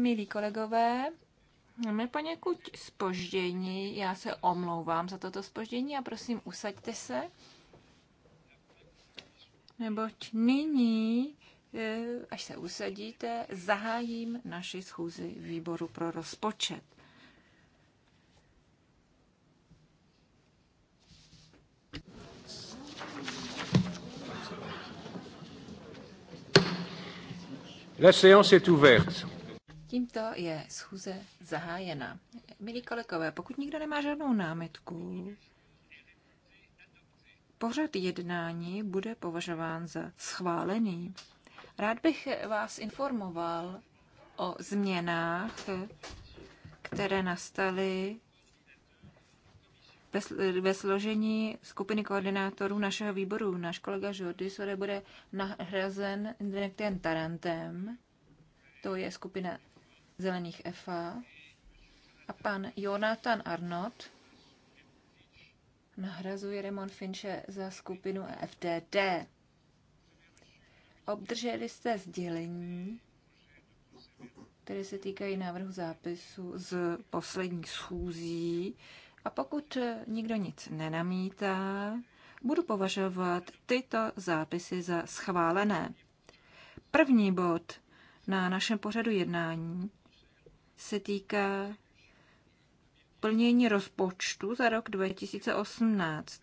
Milí kolegové, my poněkud spoždění, já se omlouvám za toto spoždění a prosím, usaďte se, neboť nyní, eh, až se usadíte, zahájím naši schůzi výboru pro rozpočet. La séance est ouverte. Tímto je schůze zahájena. Milí kolegové, pokud nikdo nemá žádnou námitku, pořad jednání bude považován za schválený. Rád bych vás informoval o změnách, které nastaly ve složení skupiny koordinátorů našeho výboru. Náš kolega Jordi Sore bude nahrazen Indrektem Tarantem, to je skupina zelených FA, a pan Jonathan Arnott nahrazuje Remon Finche za skupinu FDD. Obdrželi jste sdělení, které se týkají návrhu zápisu z posledních schůzí a pokud eh, nikdo nic nenamítá, budu považovat tyto zápisy za schválené. První bod na našem pořadu jednání se týká plnění rozpočtu za rok 2018.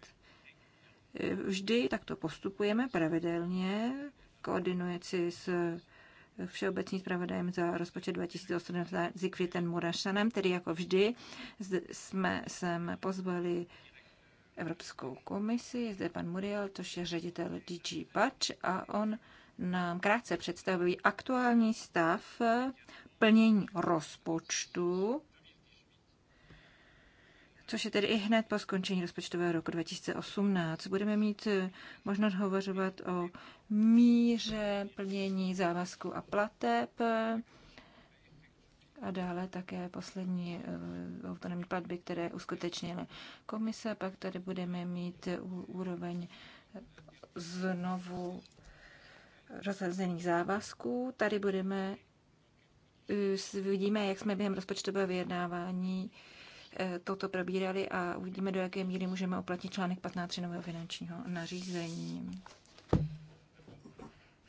Eh, vždy takto postupujeme pravidelně, koordinuje si s všeobecným zpravodajem za rozpočet 2018 Zikvitem Murašanem, tedy jako vždy jsme sem pozvali Evropskou komisi, je zde pan Muriel, což je ředitel DG Patch a on nám krátce představí aktuální stav plnění rozpočtu což je tedy i hned po skončení rozpočtového roku 2018. Budeme mít eh, možnost hovořovat o míře plnění závazku a plateb eh, a dále také poslední eh, autonomní platby, které uskutečnila komise. Pak tady budeme mít úroveň znovu rozhrzených závazků. Tady budeme, vidíme, jak jsme během rozpočtového vyjednávání Eh, toto probírali a uvidíme, do jaké míry můžeme oplatit článek 15 nového finančního nařízení.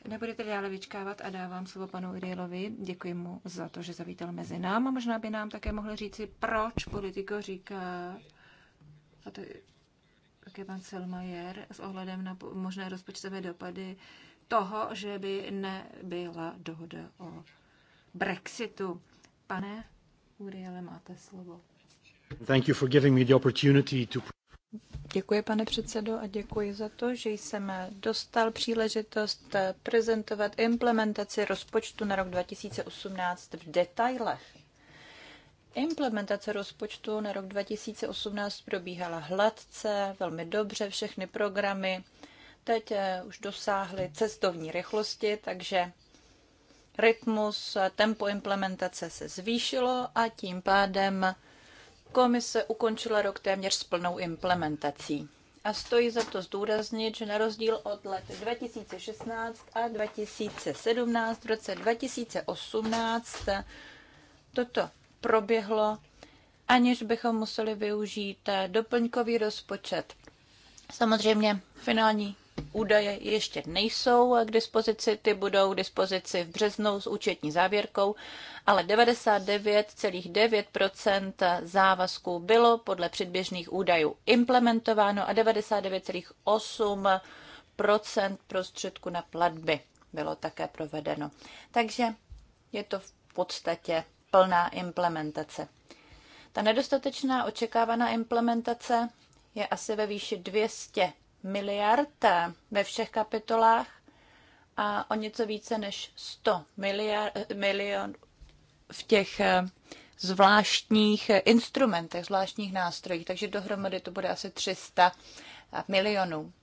Nebudete dále vyčkávat a dávám slovo panu Irielovi. Děkuji mu za to, že zavítal mezi nám a možná by nám také mohl říci, proč politiko říká, a to také pan Selmajer, s ohledem na možné rozpočtové dopady toho, že by nebyla dohoda o Brexitu. Pane Uriele, máte slovo. Děkuji, pane předsedo, a děkuji za to, že jsem dostal příležitost eh, prezentovat implementaci rozpočtu na rok 2018 v detailech. Implementace rozpočtu na rok 2018 probíhala hladce, velmi dobře, všechny programy teď eh, už dosáhly cestovní rychlosti, takže rytmus, tempo implementace se zvýšilo a tím pádem Komise ukončila rok téměř s plnou implementací. A stojí za to zdůraznit, že na rozdíl od let 2016 a 2017 v roce 2018 toto proběhlo, aniž bychom museli využít doplňkový rozpočet. Samozřejmě finální Údaje ještě nejsou k dispozici, ty budou k dispozici v březnu s účetní závěrkou, ale 99,9 závazků bylo podle předběžných údajů implementováno a 99,8 prostředku na platby bylo také provedeno. Takže je to v podstatě plná implementace. Ta nedostatečná očekávaná implementace je asi ve výši 200 miliard ve všech kapitolách a o něco více než 100 miliard, milion v těch eh, zvláštních instrumentech, zvláštních nástrojích, takže dohromady to bude asi 300 milionů.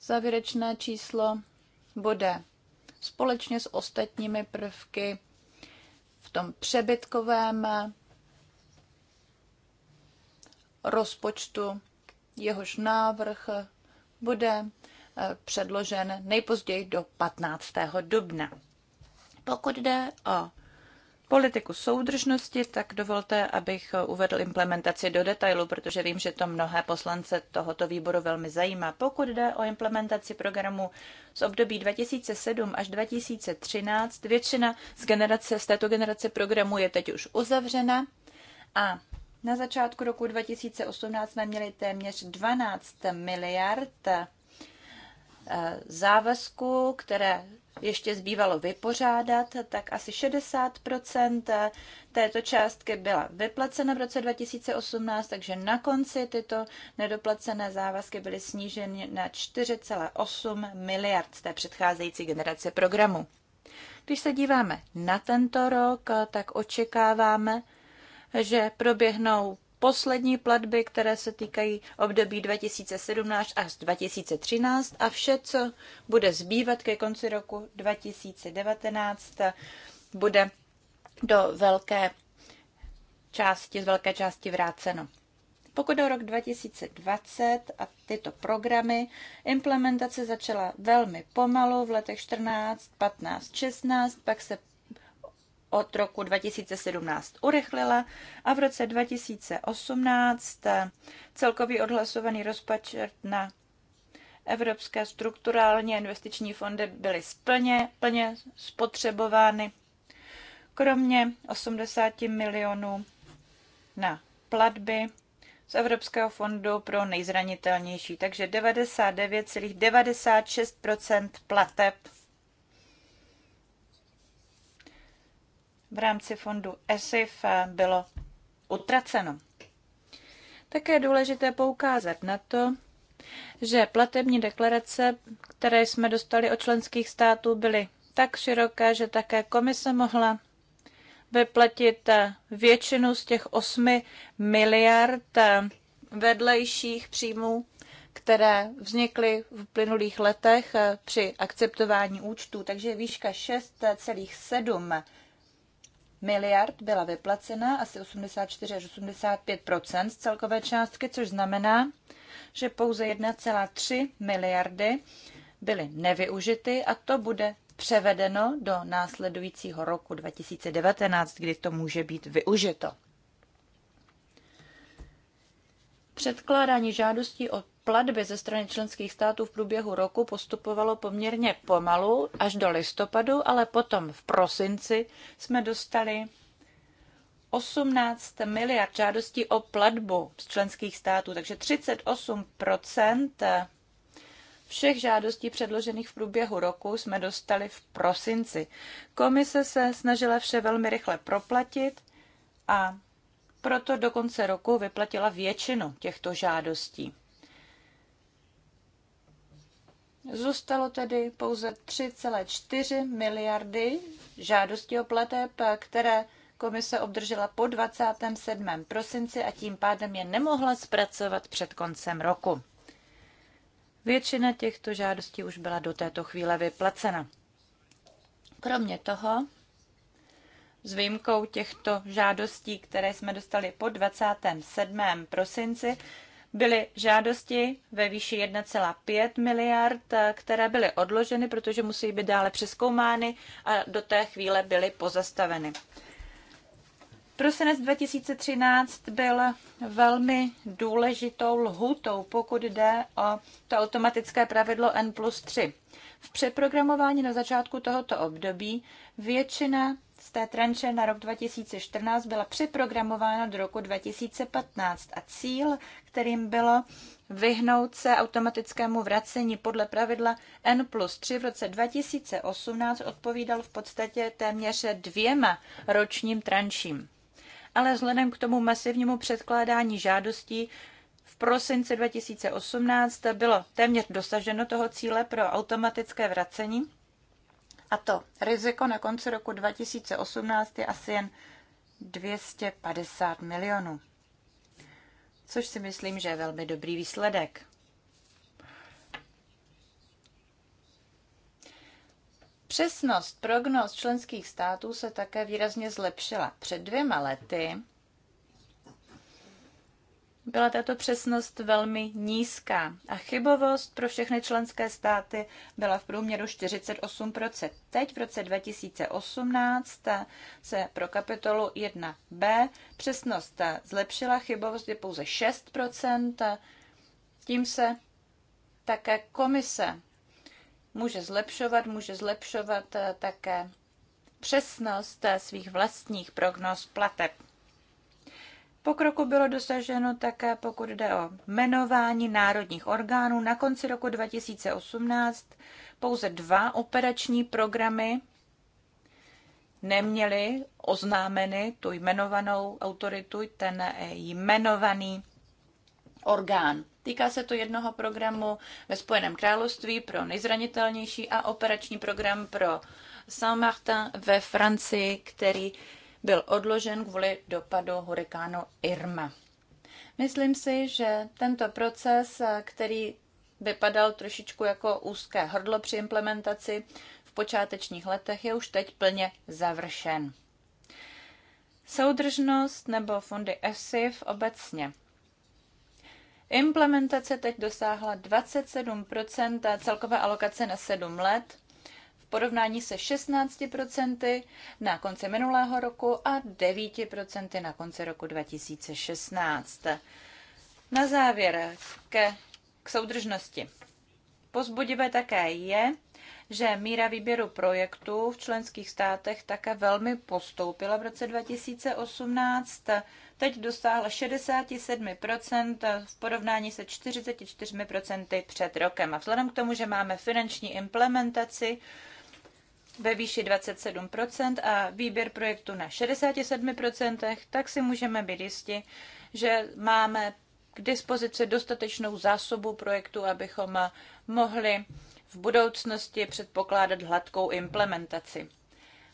Závěrečné číslo bude společně s ostatními prvky v tom přebytkovém rozpočtu jehož návrh bude eh, předložen nejpozději do 15. dubna. Pokud jde o politiku soudržnosti, tak dovolte, abych uvedl implementaci do detailu, protože vím, že to mnohé poslance tohoto výboru velmi zajímá. Pokud jde o implementaci programu z období 2007 až 2013, většina z, generace, z této generace programu je teď už uzavřena a na začátku roku 2018 jsme měli téměř 12 miliard eh, závazků, které ještě zbývalo vypořádat, tak asi 60 eh, této částky byla vyplacena v roce 2018, takže na konci tyto nedoplacené závazky byly sníženy na 4,8 miliard z té předcházející generace programu. Když se díváme na tento rok, eh, tak očekáváme, že proběhnou poslední platby, které se týkají období 2017 až 2013 a vše, co bude zbývat ke konci roku 2019, bude do velké části, z velké části vráceno. Pokud do rok 2020 a tyto programy, implementace začala velmi pomalu v letech 14, 15, 16, pak se od roku 2017 urychlila a v roce 2018 celkový odhlasovaný rozpočet na evropské strukturálně investiční fondy byly splně, plně spotřebovány, kromě 80 milionů na platby z Evropského fondu pro nejzranitelnější, takže 99,96 plateb v rámci fondu ESIF eh, bylo utraceno. Také je důležité poukázat na to, že platební deklarace, které jsme dostali od členských států, byly tak široké, že také komise mohla vyplatit eh, většinu z těch 8 miliard eh, vedlejších příjmů, které vznikly v plynulých letech při akceptování účtů. Takže výška 6,7 miliard byla vyplacena, asi 84 až 85 z celkové částky, což znamená, že pouze 1,3 miliardy byly nevyužity a to bude převedeno do následujícího roku 2019, kdy to může být využito. Předkládání žádostí o platby ze strany členských států v průběhu roku postupovalo poměrně pomalu až do listopadu, ale potom v prosinci jsme dostali 18 miliard žádostí o platbu z členských států, takže 38 všech žádostí předložených v průběhu roku jsme dostali v prosinci. Komise se snažila vše velmi rychle proplatit a proto do konce roku vyplatila většinu těchto žádostí. Zůstalo tedy pouze 3,4 miliardy žádostí o plateb, které komise obdržela po 27. prosinci a tím pádem je nemohla zpracovat před koncem roku. Většina těchto žádostí už byla do této chvíle vyplacena. Kromě toho, s výjimkou těchto žádostí, které jsme dostali po 27. prosinci, byly žádosti ve výši 1,5 miliard, eh, které byly odloženy, protože musí být dále přeskoumány a do té chvíle byly pozastaveny. Prosinec 2013 byl velmi důležitou lhutou, pokud jde o to automatické pravidlo N plus 3. V přeprogramování na začátku tohoto období většina z té tranše na rok 2014 byla přeprogramována do roku 2015 a cíl, kterým bylo vyhnout se automatickému vracení podle pravidla N plus 3 v roce 2018 odpovídal v podstatě téměř dvěma ročním tranším. Ale vzhledem k tomu masivnímu předkládání žádostí v prosinci 2018 bylo téměř dosaženo toho cíle pro automatické vracení a to riziko na konci roku 2018 je asi jen 250 milionů. Což si myslím, že je velmi dobrý výsledek. Přesnost prognóz členských států se také výrazně zlepšila. Před dvěma lety byla tato přesnost velmi nízká a chybovost pro všechny členské státy byla v průměru 48%. Teď v roce 2018 se pro kapitolu 1b přesnost zlepšila, chybovost je pouze 6%, tím se také komise může zlepšovat, může zlepšovat také přesnost svých vlastních prognóz plateb. Pokroku bylo dosaženo také pokud jde o jmenování národních orgánů. Na konci roku 2018 pouze dva operační programy neměly oznámeny tu jmenovanou autoritu, ten jmenovaný orgán. Týká se to jednoho programu ve Spojeném království pro nejzranitelnější a operační program pro Saint-Martin ve Francii, který byl odložen kvůli dopadu hurikánu Irma. Myslím si, že tento proces, který vypadal trošičku jako úzké hrdlo při implementaci v počátečních letech, je už teď plně završen. Soudržnost nebo fondy ESIF obecně. Implementace teď dosáhla 27 celkové alokace na 7 let porovnání se 16% na konci minulého roku a 9% na konci roku 2016. Na závěr ke, k soudržnosti. Pozbudivé také je, že míra výběru projektů v členských státech také velmi postoupila v roce 2018. Teď dosáhla 67% v porovnání se 44% před rokem. A vzhledem k tomu, že máme finanční implementaci, ve výši 27% a výběr projektu na 67%, tak si můžeme být jisti, že máme k dispozici dostatečnou zásobu projektu, abychom mohli v budoucnosti předpokládat hladkou implementaci.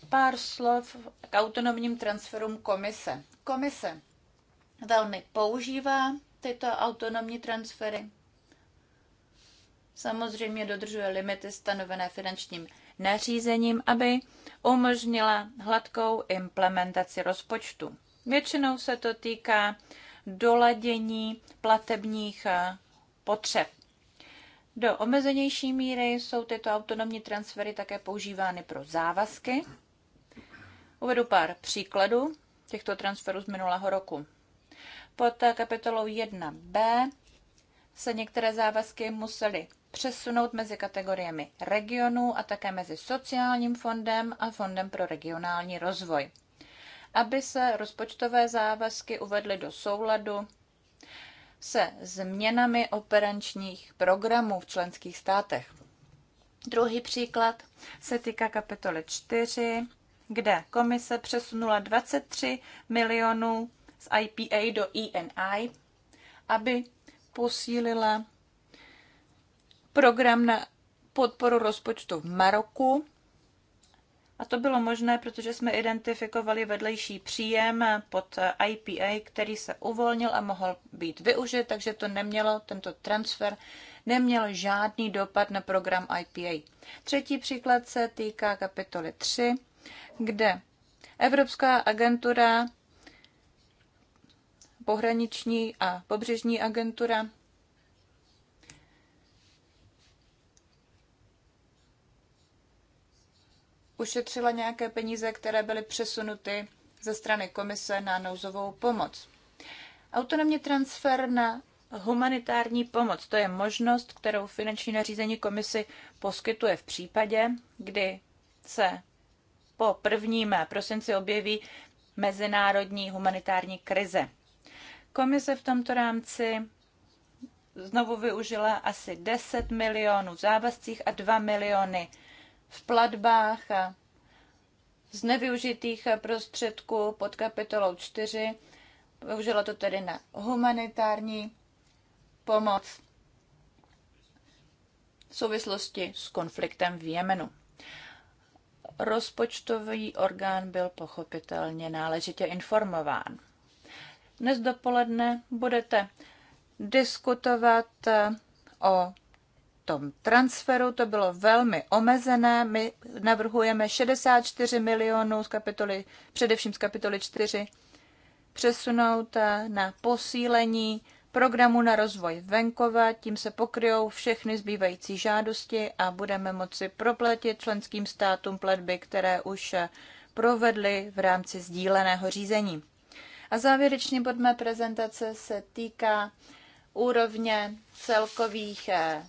Pár slov k autonomním transferům komise. Komise velmi používá tyto autonomní transfery. Samozřejmě dodržuje limity stanovené finančním nařízením, aby umožnila hladkou implementaci rozpočtu. Většinou se to týká doladění platebních eh, potřeb. Do omezenější míry jsou tyto autonomní transfery také používány pro závazky. Uvedu pár příkladů těchto transferů z minulého roku. Pod kapitolou 1b se některé závazky musely přesunout mezi kategoriemi regionů a také mezi sociálním fondem a fondem pro regionální rozvoj. Aby se rozpočtové závazky uvedly do souladu se změnami operačních programů v členských státech. Druhý příklad se týká kapitoly 4, kde komise přesunula 23 milionů z IPA do ENI, aby posílila program na podporu rozpočtu v Maroku. A to bylo možné, protože jsme identifikovali vedlejší příjem pod IPA, který se uvolnil a mohl být využit, takže to nemělo, tento transfer neměl žádný dopad na program IPA. Třetí příklad se týká kapitoly 3, kde Evropská agentura, pohraniční a pobřežní agentura ušetřila nějaké peníze, které byly přesunuty ze strany komise na nouzovou pomoc. Autonomní transfer na humanitární pomoc, to je možnost, kterou finanční nařízení komisi poskytuje v případě, kdy se po prvním prosinci objeví mezinárodní humanitární krize. Komise v tomto rámci znovu využila asi 10 milionů závazcích a 2 miliony v platbách z nevyužitých prostředků pod kapitolou 4. Využilo to tedy na humanitární pomoc v souvislosti s konfliktem v Jemenu. Rozpočtový orgán byl pochopitelně náležitě informován. Dnes dopoledne budete diskutovat o tom transferu to bylo velmi omezené. My navrhujeme 64 milionů z kapitoly, především z kapitoly 4, přesunout eh, na posílení programu na rozvoj venkova, tím se pokryjou všechny zbývající žádosti a budeme moci proplatit členským státům platby, které už eh, provedly v rámci sdíleného řízení. A závěrečný bod mé prezentace se týká úrovně celkových eh,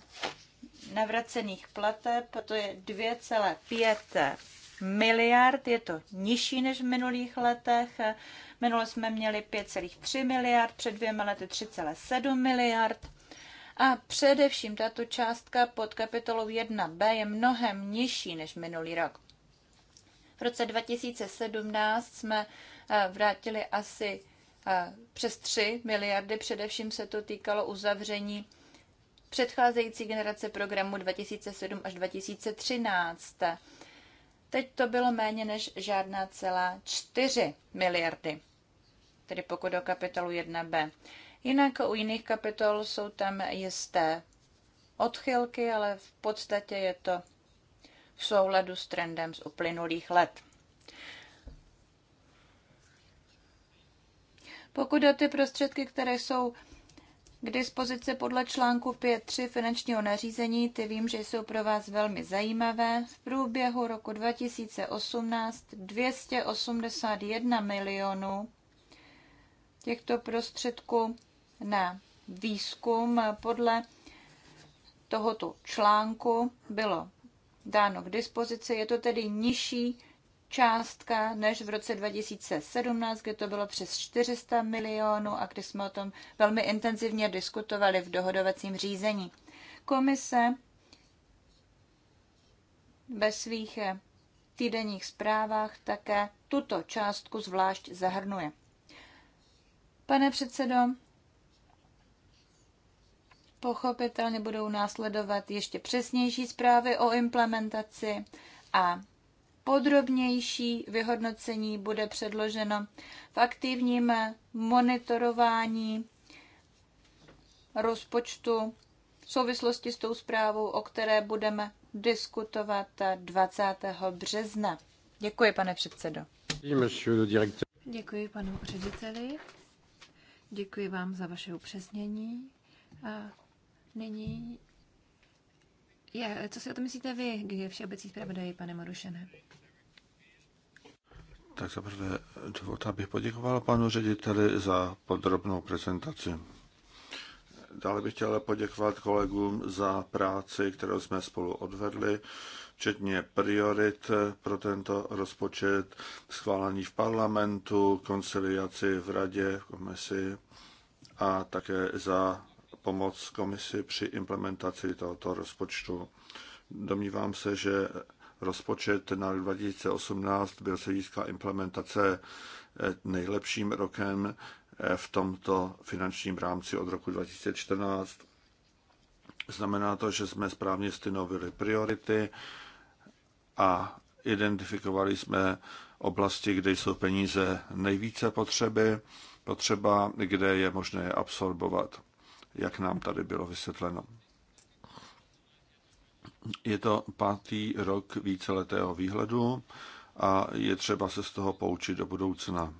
navracených plateb, to je 2,5 miliard, je to nižší než v minulých letech. Minule jsme měli 5,3 miliard, před dvěma lety 3,7 miliard. A především tato částka pod kapitolou 1b je mnohem nižší než minulý rok. V roce 2017 jsme eh, vrátili asi eh, přes 3 miliardy, především se to týkalo uzavření předcházející generace programu 2007 až 2013. Teď to bylo méně než žádná celá 4 miliardy, tedy pokud o kapitolu 1b. Jinak u jiných kapitol jsou tam jisté odchylky, ale v podstatě je to v souladu s trendem z uplynulých let. Pokud o ty prostředky, které jsou k dispozici podle článku 5.3 finančního nařízení. Ty vím, že jsou pro vás velmi zajímavé. V průběhu roku 2018 281 milionů těchto prostředků na výzkum podle tohoto článku bylo dáno k dispozici. Je to tedy nižší částka než v roce 2017, kdy to bylo přes 400 milionů a kdy jsme o tom velmi intenzivně diskutovali v dohodovacím řízení. Komise ve svých týdenních zprávách také tuto částku zvlášť zahrnuje. Pane předsedo, pochopitelně budou následovat ještě přesnější zprávy o implementaci a podrobnější vyhodnocení bude předloženo v aktivním monitorování rozpočtu v souvislosti s tou zprávou, o které budeme diskutovat 20. března. Děkuji, pane předsedo. Děkuji panu řediteli. Děkuji vám za vaše upřesnění. A nyní je. Co si o to myslíte vy, je všeobecní zpravodaji, pane Marušené? Tak zaprvé dovolte, abych poděkoval panu řediteli za podrobnou prezentaci. Dále bych chtěl poděkovat kolegům za práci, kterou jsme spolu odvedli, včetně priorit pro tento rozpočet, schválení v parlamentu, konciliaci v radě, v komisi a také za pomoc komisi při implementaci tohoto rozpočtu. Domnívám se, že rozpočet na 2018 byl se získá implementace eh, nejlepším rokem eh, v tomto finančním rámci od roku 2014. Znamená to, že jsme správně stanovili priority a identifikovali jsme oblasti, kde jsou peníze nejvíce potřeby, potřeba, kde je možné je absorbovat jak nám tady bylo vysvětleno. Je to pátý rok víceletého výhledu a je třeba se z toho poučit do budoucna.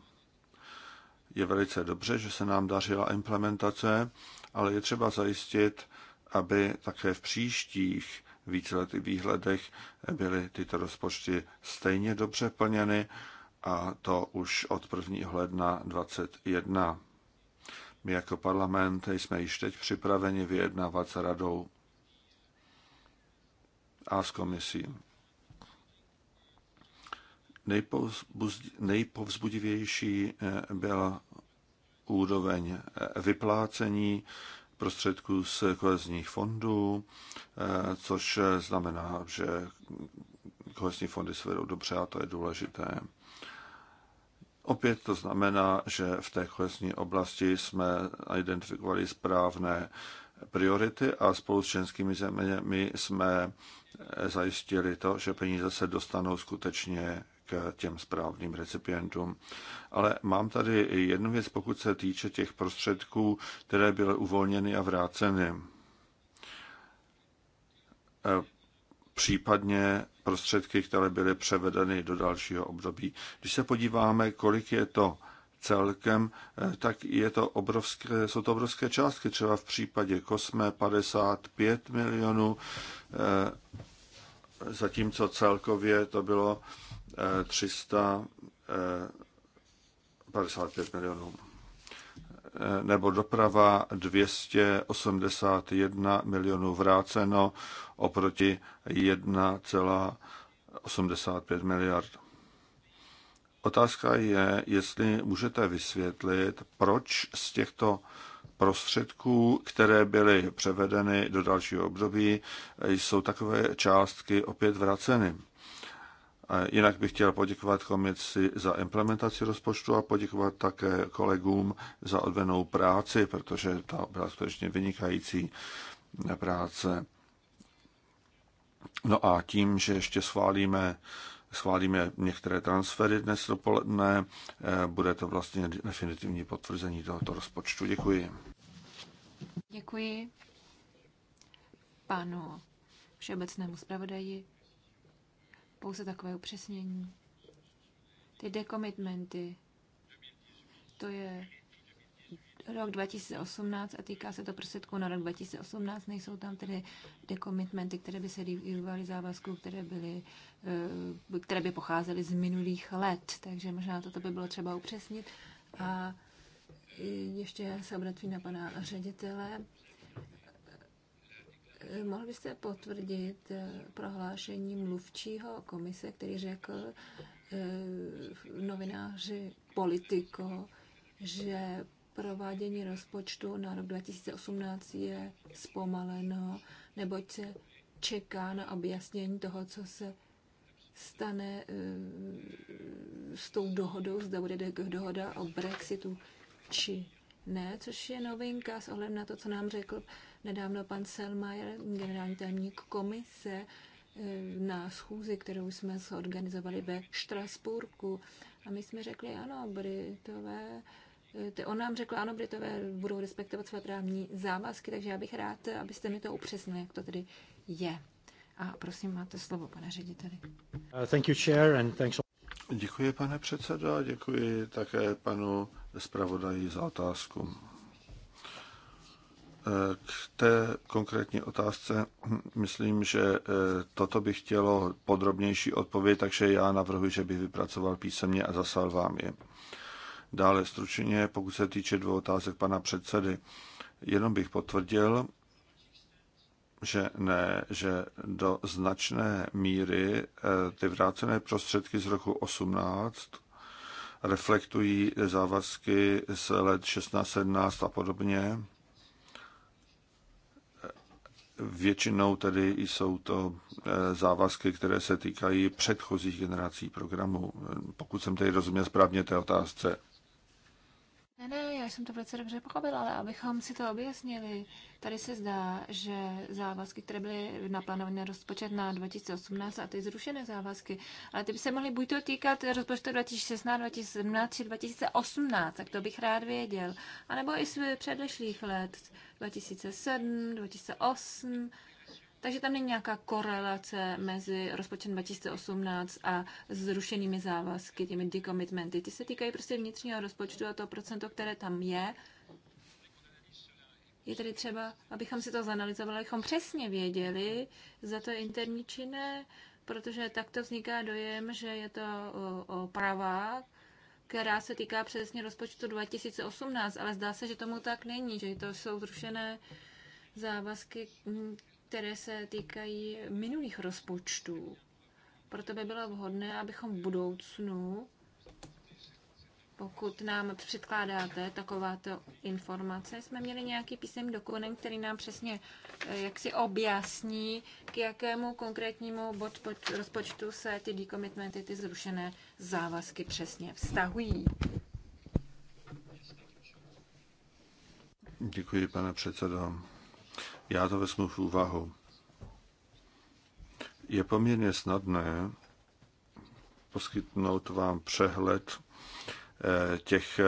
Je velice dobře, že se nám dařila implementace, ale je třeba zajistit, aby také v příštích víceletých výhledech byly tyto rozpočty stejně dobře plněny a to už od 1. ledna 2021. My jako parlament jsme již teď připraveni vyjednávat s radou a s komisí. Nejpovzbudivější eh, byla úroveň eh, vyplácení prostředků z kohezních fondů, eh, což znamená, že kohezní fondy se vedou dobře a to je důležité. Opět to znamená, že v té kohesní oblasti jsme identifikovali správné priority a spolu s českými zeměmi jsme eh, zajistili to, že peníze se dostanou skutečně k těm správným recipientům. Ale mám tady jednu věc, pokud se týče těch prostředků, které byly uvolněny a vráceny. Eh, případně prostředky, které byly převedeny do dalšího období. Když se podíváme, kolik je to celkem, eh, tak je to obrovské, jsou to obrovské částky. Třeba v případě Kosme 55 milionů, eh, zatímco celkově to bylo 355 eh, milionů nebo doprava 281 milionů vráceno oproti 1,85 miliard. Otázka je, jestli můžete vysvětlit, proč z těchto prostředků, které byly převedeny do dalšího období, jsou takové částky opět vraceny. Jinak bych chtěl poděkovat komisi za implementaci rozpočtu a poděkovat také kolegům za odvenou práci, protože ta byla skutečně vynikající práce. No a tím, že ještě schválíme, schválíme některé transfery dnes dopoledne, eh, bude to vlastně definitivní potvrzení tohoto rozpočtu. Děkuji. Děkuji panu všeobecnému zpravodaji pouze takové upřesnění. Ty dekomitmenty, to je rok 2018 a týká se to prostředků na rok 2018. Nejsou tam tedy dekomitmenty, které by se dívaly závazků, které, byly, eh, které by pocházely z minulých let. Takže možná toto by bylo třeba upřesnit. A ještě se obratím na pana ředitele. Mohl byste potvrdit eh, prohlášení mluvčího komise, který řekl eh, novináři Politico, že provádění rozpočtu na rok 2018 je zpomaleno, neboť se čeká na objasnění toho, co se stane eh, s tou dohodou, zda bude dohoda o Brexitu či ne, což je novinka s ohledem na to, co nám řekl Nedávno pan Selmayr, generální tajemník komise, eh, na schůzi, kterou jsme organizovali ve Štrasburku. A my jsme řekli, ano, Britové, eh, ty, on nám řekl, ano, Britové budou respektovat své právní závazky, takže já bych rád, abyste mi to upřesnili, jak to tedy je. A prosím, máte slovo, pane řediteli. Uh, thank you, chair, and thanks... Děkuji, pane předsedo, a děkuji také panu zpravodaji za otázku. K té konkrétní otázce myslím, že eh, toto by chtělo podrobnější odpověď, takže já navrhuji, že bych vypracoval písemně a zaslal vám je. Dále stručně, pokud se týče dvou otázek pana předsedy, jenom bych potvrdil, že ne, že do značné míry eh, ty vrácené prostředky z roku 18 reflektují závazky z let 16, 17 a podobně, Většinou tedy jsou to eh, závazky, které se týkají předchozích generací programů, pokud jsem tedy rozuměl správně té otázce. Ne, ne, já jsem to velice dobře pochopila, ale abychom si to objasnili, tady se zdá, že závazky, které byly naplánované rozpočet na 2018 a ty zrušené závazky, ale ty by se mohly buď to týkat rozpočtu 2016, 2017 či 2018, tak to bych rád věděl. A nebo i z předešlých let, 2007, 2008, takže tam není nějaká korelace mezi rozpočtem 2018 a zrušenými závazky, těmi decommitmenty. Ty se týkají prostě vnitřního rozpočtu a to procento, které tam je. Je tedy třeba, abychom si to zanalizovali, abychom přesně věděli, za to je interní či ne, protože takto vzniká dojem, že je to oprava, která se týká přesně rozpočtu 2018, ale zdá se, že tomu tak není, že to jsou zrušené závazky, které se týkají minulých rozpočtů. Proto by bylo vhodné, abychom v budoucnu, pokud nám předkládáte takováto informace, jsme měli nějaký písemný dokument, který nám přesně eh, jak si objasní, k jakému konkrétnímu bod rozpočtu se ty decommitmenty, ty zrušené závazky přesně vztahují. Děkuji, pane předsedo. Já to vezmu v úvahu. Je poměrně snadné poskytnout vám přehled eh, těch eh,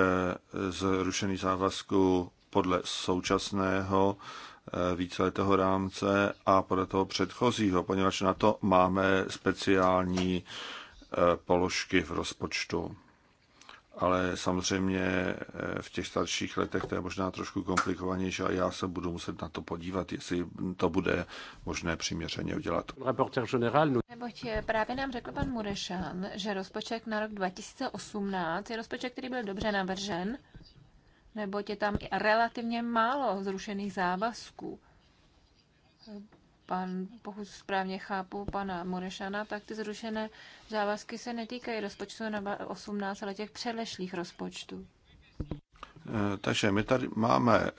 zrušených závazků podle současného eh, víceletého rámce a podle toho předchozího, poněvadž na to máme speciální položky v rozpočtu ale samozřejmě eh, v těch starších letech to je možná trošku komplikovanější a já se budu muset na to podívat, jestli to bude možné přiměřeně udělat. Neboť eh, právě nám řekl pan Murešan, že rozpočet na rok 2018 je rozpočet, který byl dobře navržen, neboť je tam relativně málo zrušených závazků pan, pokud správně chápu pana Morešana, tak ty zrušené závazky se netýkají rozpočtu na 18, ale těch předlešlých rozpočtů. Eh, takže my tady máme eh,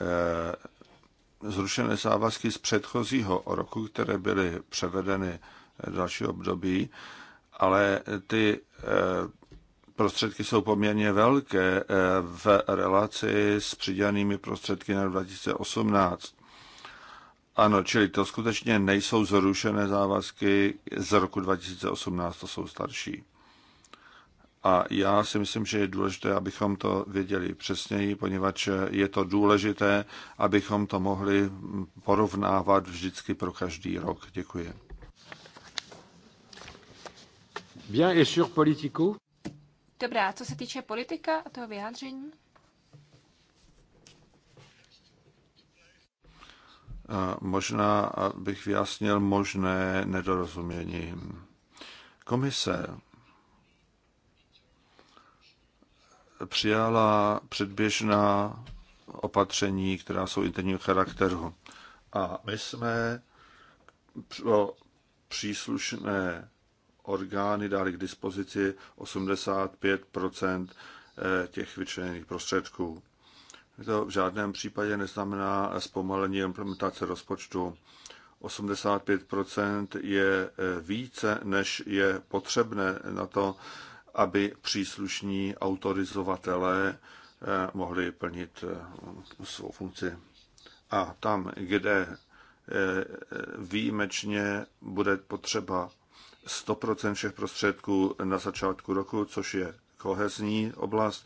zrušené závazky z předchozího roku, které byly převedeny eh, další období, ale ty prostředky jsou poměrně velké v relaci s přidělenými prostředky na 2018. Ano, čili to skutečně nejsou zrušené závazky z roku 2018, to jsou starší. A já si myslím, že je důležité, abychom to věděli přesněji, poněvadž je to důležité, abychom to mohli porovnávat vždycky pro každý rok. Děkuji. Bien, et sur politiku? Dobrá, co se týče politika a toho vyjádření? Možná bych vyjasnil možné nedorozumění. Komise přijala předběžná opatření, která jsou interního charakteru. A my jsme pro příslušné orgány dali k dispozici 85 eh, těch vyčleněných prostředků. To v žádném případě neznamená zpomalení implementace rozpočtu. 85 je eh, více, než je potřebné na to, aby příslušní autorizovatelé eh, mohli plnit eh, svou funkci. A tam, kde výjimečně bude potřeba 100 všech prostředků na začátku roku, což je kohezní oblast,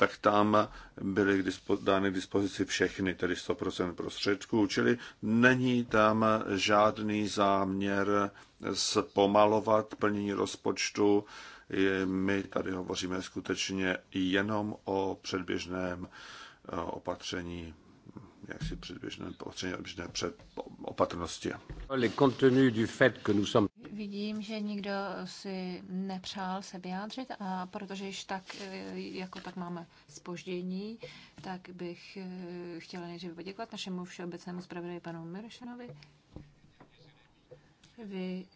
tak tam byly dány k dispozici všechny, tedy 100% prostředků, čili není tam žádný záměr zpomalovat plnění rozpočtu. My tady hovoříme skutečně jenom o předběžném eh, opatření si předběžné opatření, předběžné před opatrnosti. Vidím, že nikdo si nepřál se vyjádřit a protože již tak, e, jako tak máme spoždění, tak bych e, chtěla nejdříve poděkovat našemu všeobecnému zpravodaji panu Mirešanovi. Vy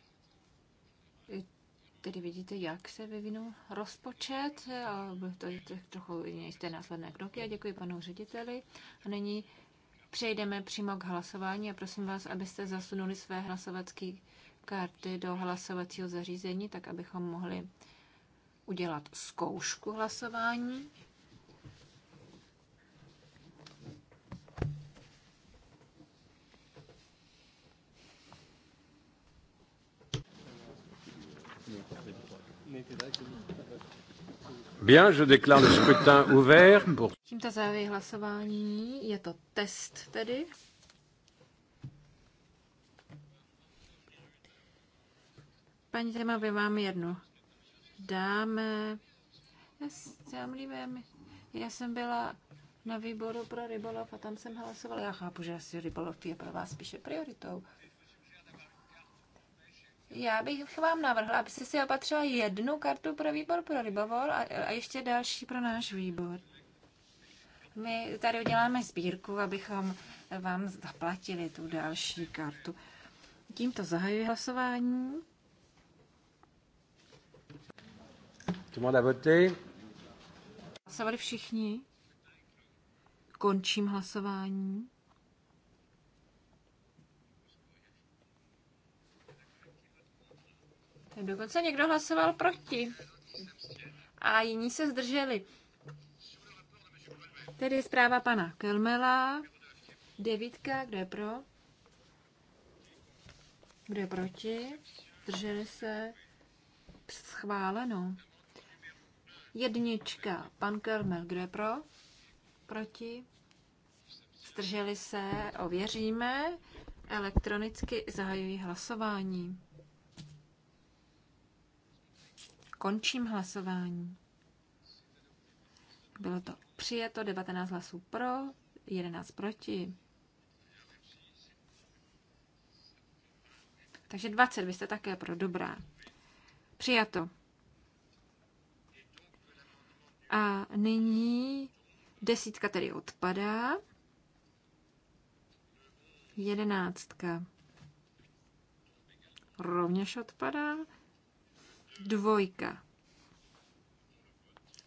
e, tedy vidíte, jak se vyvinul rozpočet a to je trochu jisté následné kroky a děkuji panu řediteli. A nyní přejdeme přímo k hlasování a prosím vás, abyste zasunuli své hlasovací karty do hlasovacího zařízení, tak abychom mohli udělat zkoušku hlasování. Bien, je déclare le scrutin ouvert. Pour... Tímto zahajuji hlasování, je to test tedy. Paní vy vám jednu. Dáme. Já, mluvím. já jsem byla na výboru pro rybolov a tam jsem hlasovala. Já chápu, že asi rybolov je pro vás spíše prioritou. Já bych vám navrhla, abyste si opatřila jednu kartu pro výbor pro rybovol a, a ještě další pro náš výbor. My tady uděláme sbírku, abychom vám zaplatili tu další kartu. Tímto zahajuji hlasování. Tout le monde a voté. Hlasovali všichni. Končím hlasování. Dokonce někdo hlasoval proti. A jiní se zdrželi. Tedy je zpráva pana Kelmela. Devítka, kdo je pro? Kdo je proti? Drželi se? Schváleno. Jednička, pan Kermel, kdo je pro? Proti? Zdrželi se, ověříme. Elektronicky zahajují hlasování. Končím hlasování. Bylo to přijeto, 19 hlasů pro, 11 proti. Takže 20, vy jste také pro, dobrá. Přijato. A nyní desítka tedy odpadá. Jedenáctka rovněž odpadá. Dvojka.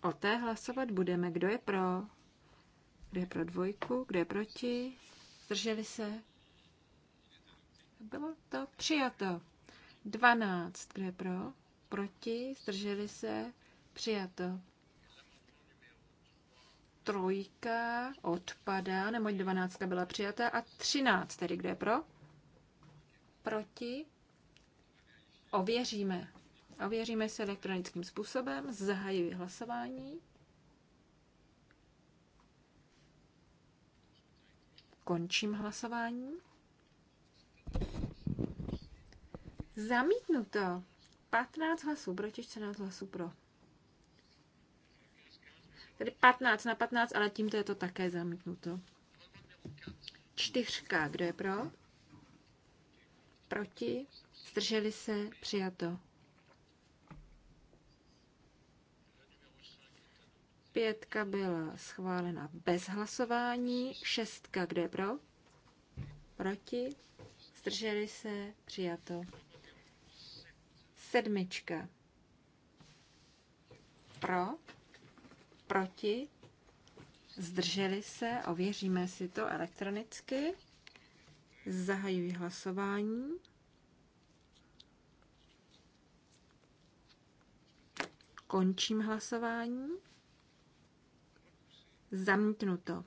O té hlasovat budeme. Kdo je pro? Kdo je pro dvojku? Kdo je proti? Zdrželi se? Bylo to přijato. Dvanáct. Kdo je pro? Proti? Zdrželi se? Přijato. Trojka odpadá, neboť dvanáctka byla přijata. A třináct, tedy kde je pro? Proti. Ověříme. Ověříme se elektronickým způsobem. Zahajuji hlasování. Končím hlasování. Zamítnuto. 15 hlasů proti, 14 hlasů pro. Tady 15 na 15, ale tímto je to také zamítnuto. Čtyřka, kdo je pro? Proti? Zdrželi se? Přijato. Pětka byla schválena bez hlasování. Šestka, kdo je pro? Proti? Zdrželi se? Přijato. Sedmička. Pro? proti, zdrželi se, ověříme si to elektronicky, zahajuji hlasování. Končím hlasování. Zamítnuto.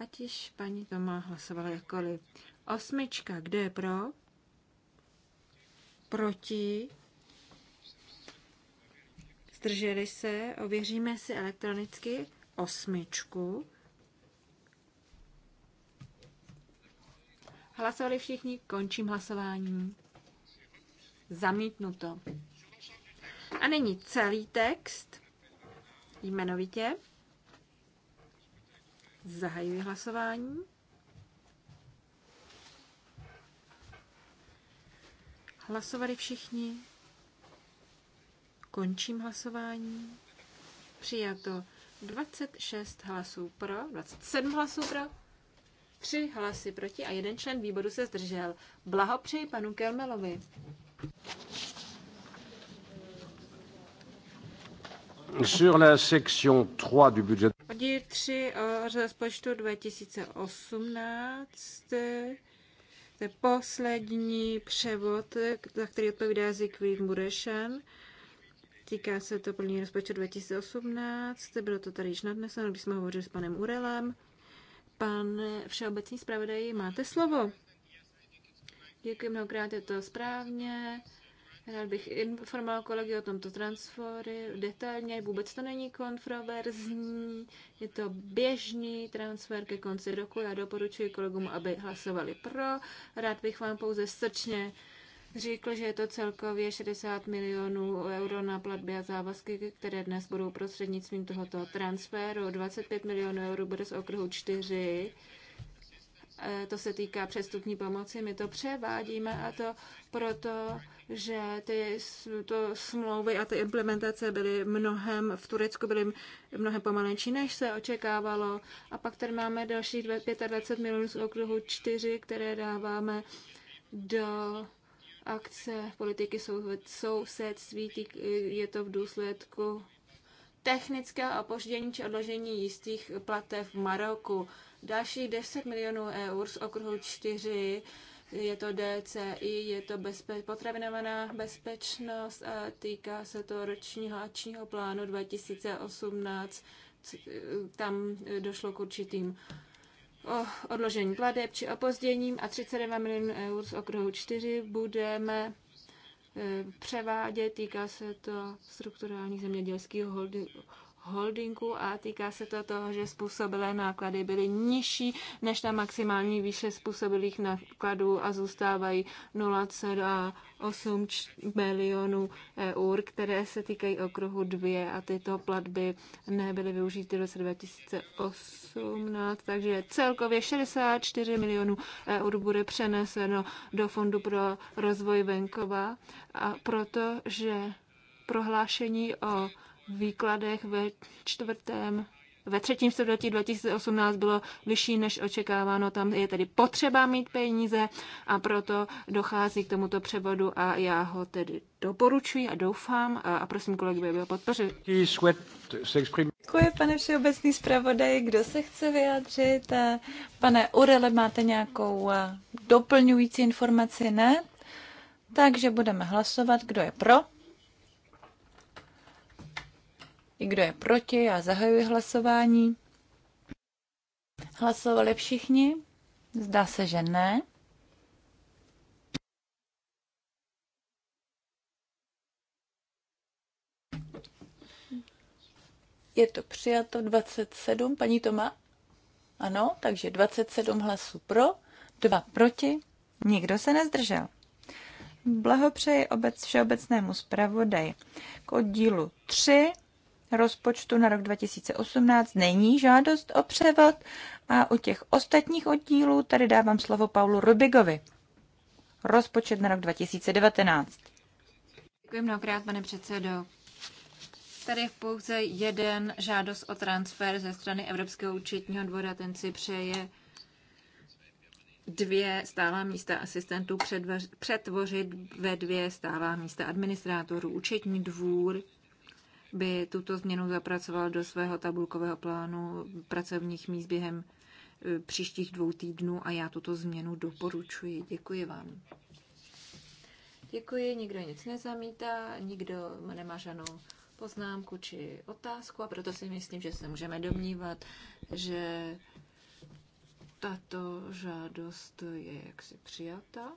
Ať již paní má hlasovala jakkoliv. Osmička, kdo je pro? Proti? zdrželi se, ověříme si elektronicky osmičku. Hlasovali všichni, končím hlasování. Zamítnuto. A nyní celý text, jmenovitě. Zahajuji hlasování. Hlasovali všichni, Končím hlasování. Přijato 26 hlasů pro, 27 hlasů pro, 3 hlasy proti a jeden člen výboru se zdržel. Blahopřeji panu Kelmelovi. Sur la section 3 du budget. Oddíl 3 o rozpočtu 2018. To je poslední převod, za který odpovídá Zikvík Murešen. Týká se to plní rozpočet 2018, bylo to tady již nadneseno, když jsme hovořili s panem Urelem. Pan všeobecný zpravodaj, máte slovo. Děkuji mnohokrát, je to správně. Rád bych informoval kolegy o tomto transfery detailně, vůbec to není kontroverzní, je to běžný transfer ke konci roku, já doporučuji kolegům, aby hlasovali pro. Rád bych vám pouze srdčně řekl, že je to celkově 60 milionů euro na platby a závazky, které dnes budou prostřednictvím tohoto transferu. 25 milionů euro bude z okruhu 4 e, to se týká přestupní pomoci, my to převádíme a to proto, že ty to smlouvy a ty implementace byly mnohem, v Turecku byly mnohem pomalejší, než se očekávalo. A pak tady máme další 25 milionů z okruhu 4, které dáváme do akce politiky sousedství, je to v důsledku technického opoždění či odložení jistých plateb v Maroku. Další 10 milionů eur z okruhu 4 je to DCI, je to bezpe- potravinovaná bezpečnost a týká se to ročního akčního plánu 2018. Tam došlo k určitým o odložení pladeb či opozděním a 32 milionů eur z okruhu 4 budeme eh, převádět. Týká se to strukturálních zemědělských holdingu a týká se to toho, že způsobilé náklady byly nižší než ta maximální výše způsobilých nákladů a zůstávají 0,8 milionů eur, které se týkají okruhu 2 a tyto platby nebyly využity v roce 2018, takže celkově 64 milionů eur bude přeneseno do Fondu pro rozvoj venkova, a protože prohlášení o výkladech ve čtvrtém ve třetím století 2018 bylo vyšší než očekáváno. Tam je tedy potřeba mít peníze a proto dochází k tomuto převodu a já ho tedy doporučuji a doufám a, a prosím kolegy, aby ho podpořili. Děkuji, pane všeobecný zpravodaj. Kdo se chce vyjádřit? Eh, pane Urele, máte nějakou eh, doplňující informaci? Ne? Takže budeme hlasovat, kdo je pro. I kdo je proti? Já zahajuji hlasování. Hlasovali všichni? Zdá se, že ne. Je to přijato 27, paní Toma? Ano, takže 27 hlasů pro, 2 proti, nikdo se nezdržel. Blahopřeji obec všeobecnému zpravodaji k oddílu 3 rozpočtu na rok 2018 není žádost o převod a u těch ostatních oddílů tady dávám slovo Paulu Rubigovi. Rozpočet na rok 2019. Děkuji mnohokrát, pane předsedo. Tady je pouze jeden žádost o transfer ze strany Evropského účetního dvora. Ten si přeje dvě stálá místa asistentů předvořit ve dvě stálá místa administrátorů. Účetní dvůr by tuto změnu zapracoval do svého tabulkového plánu pracovních míst během e, příštích dvou týdnů a já tuto změnu doporučuji. Děkuji vám. Děkuji, nikdo nic nezamítá, nikdo nemá žádnou poznámku či otázku a proto si myslím, že se můžeme domnívat, že tato žádost je jaksi přijata.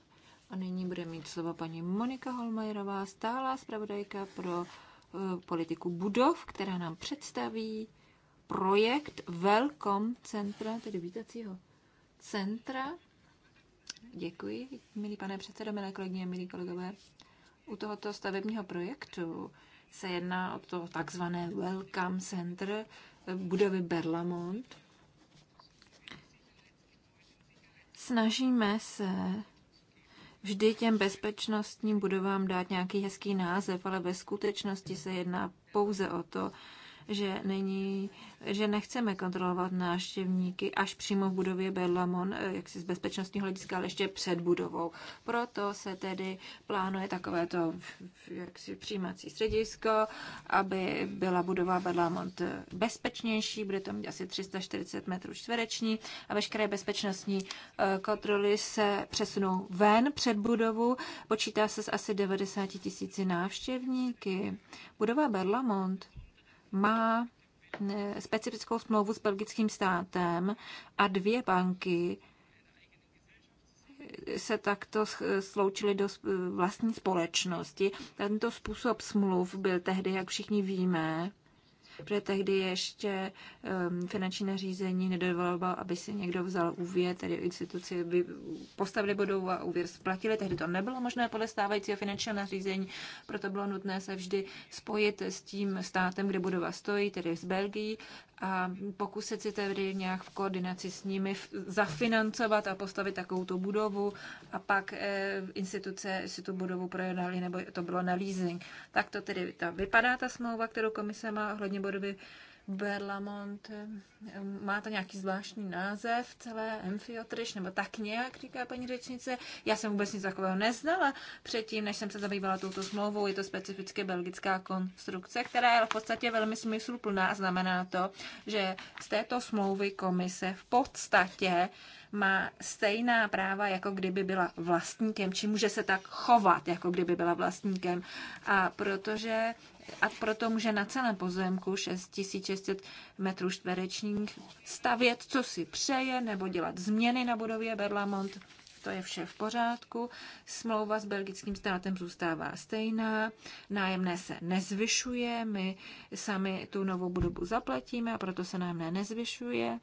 A nyní bude mít slovo paní Monika Holmajerová, stálá zpravodajka pro Eh, politiku budov, která nám představí projekt Welcome Centra, tedy vítacího centra. Děkuji, Milí pane předsedo, milé kolegyně, milí kolegové. U tohoto stavebního projektu se jedná o to takzvané Welcome Center eh, budovy Berlamont. Snažíme se vždy těm bezpečnostním budovám dát nějaký hezký název, ale ve skutečnosti se jedná pouze o to, že, není, že nechceme kontrolovat návštěvníky až přímo v budově Berlamon, eh, jaksi z bezpečnostního hlediska, ale ještě před budovou. Proto se tedy plánuje takovéto jaksi přijímací středisko, aby byla budova Berlamon bezpečnější, bude to mít asi 340 metrů čtvereční a veškeré bezpečnostní eh, kontroly se přesunou ven před budovu. Počítá se s asi 90 tisíci návštěvníky. Budova Berlamont má eh, specifickou smlouvu s belgickým státem a dvě banky eh, se takto sloučily do eh, vlastní společnosti. Tento způsob smluv byl tehdy, jak všichni víme, protože tehdy ještě um, finanční nařízení nedovolovalo, aby si někdo vzal úvěr, tedy instituci by postavili budovu a úvěr splatili. Tehdy to nebylo možné podle stávajícího finančního nařízení, proto bylo nutné se vždy spojit s tím státem, kde budova stojí, tedy s Belgií, a pokusit si tedy nějak v koordinaci s nimi zafinancovat a postavit takovou tu budovu a pak eh, instituce si tu budovu projednali, nebo to bylo na leasing. Tak to tedy ta, vypadá ta smlouva, kterou komise má ohledně budovy Berlamont, má to nějaký zvláštní název celé, Amphiotrish, nebo tak nějak, říká paní řečnice. Já jsem vůbec nic takového neznala předtím, než jsem se zabývala touto smlouvou. Je to specificky belgická konstrukce, která je v podstatě velmi smysluplná a znamená to, že z této smlouvy komise v podstatě má stejná práva, jako kdyby byla vlastníkem, či může se tak chovat, jako kdyby byla vlastníkem. A protože a proto může na celém pozemku 6600 metrů čtverečních stavět, co si přeje, nebo dělat změny na budově Berlamont. To je vše v pořádku. Smlouva s belgickým státem zůstává stejná. Nájemné se nezvyšuje. My sami tu novou budovu zaplatíme a proto se nájemné nezvyšuje.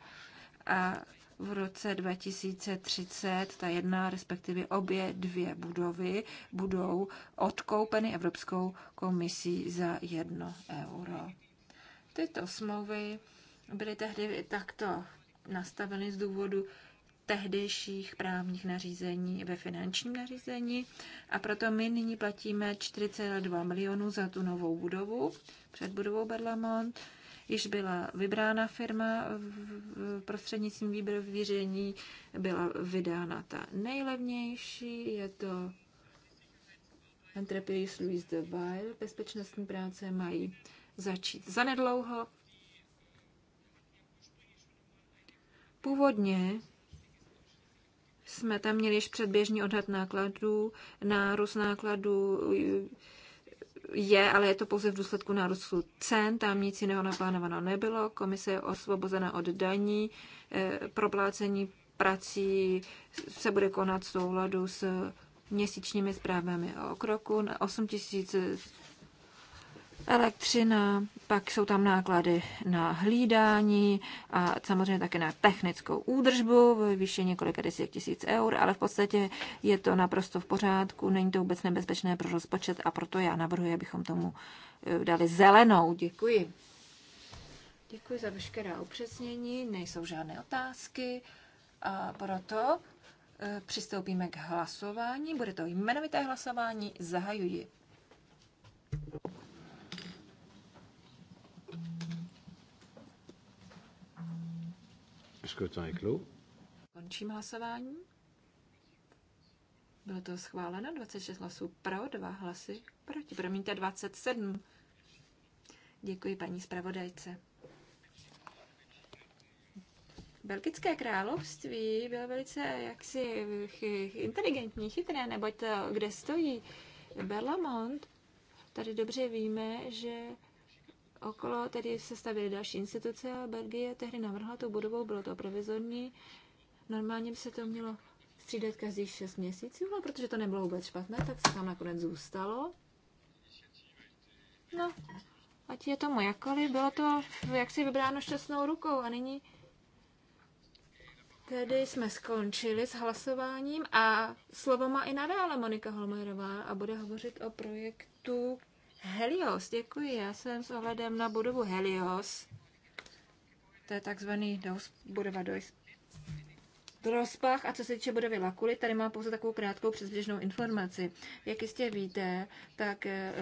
A v roce 2030 ta jedna, respektive obě dvě budovy budou odkoupeny Evropskou komisí za jedno euro. Tyto smlouvy byly tehdy takto nastaveny z důvodu tehdejších právních nařízení ve finančním nařízení a proto my nyní platíme 4,2 milionů za tu novou budovu před budovou Berlamont již byla vybrána firma prostřednictvím výběru věření, byla vydána ta nejlevnější, je to Entreprise Louis de Weil. Bezpečnostní práce mají začít zanedlouho. Původně jsme tam měli již předběžný odhad nákladů, nárůst nákladů je, ale je to pouze v důsledku nárůstu cen, tam nic jiného naplánováno nebylo. Komise je osvobozena od daní, eh, proplácení prací se bude konat v souladu s měsíčními zprávami o kroku. 8 000 elektřina, pak jsou tam náklady na hlídání a samozřejmě také na technickou údržbu ve výši několika desítek tisíc eur, ale v podstatě je to naprosto v pořádku, není to vůbec nebezpečné pro rozpočet a proto já navrhuji, abychom tomu eh, dali zelenou. Děkuji. Děkuji za veškerá upřesnění, nejsou žádné otázky a proto eh, přistoupíme k hlasování. Bude to jmenovité hlasování, zahajuji. scrutin clos. Končím hlasování. Bylo to schváleno 26 hlasů pro, 2 hlasy proti. Promiňte, 27. Děkuji paní zpravodajce. Belgické království bylo velice jaksi inteligentní, chytré, neboť to, kde stojí Berlamont, tady dobře víme, že okolo, tedy se stavěly další instituce a Belgie tehdy navrhla tou budovou, bylo to provizorní. Normálně by se to mělo střídat každých 6 měsíců, ale protože to nebylo vůbec špatné, tak se tam nakonec zůstalo. No, ať je tomu jakkoliv, bylo to jaksi vybráno šťastnou rukou a nyní tedy jsme skončili s hlasováním a slovo má i nadále Monika Holmerová a bude hovořit o projektu, Helios, děkuji. Já jsem s ohledem na budovu Helios. To je takzvaný dos, budova dos, rozpach a co se týče budovy Lakuly, tady mám pouze takovou krátkou předběžnou informaci. Jak jistě víte, tak eh,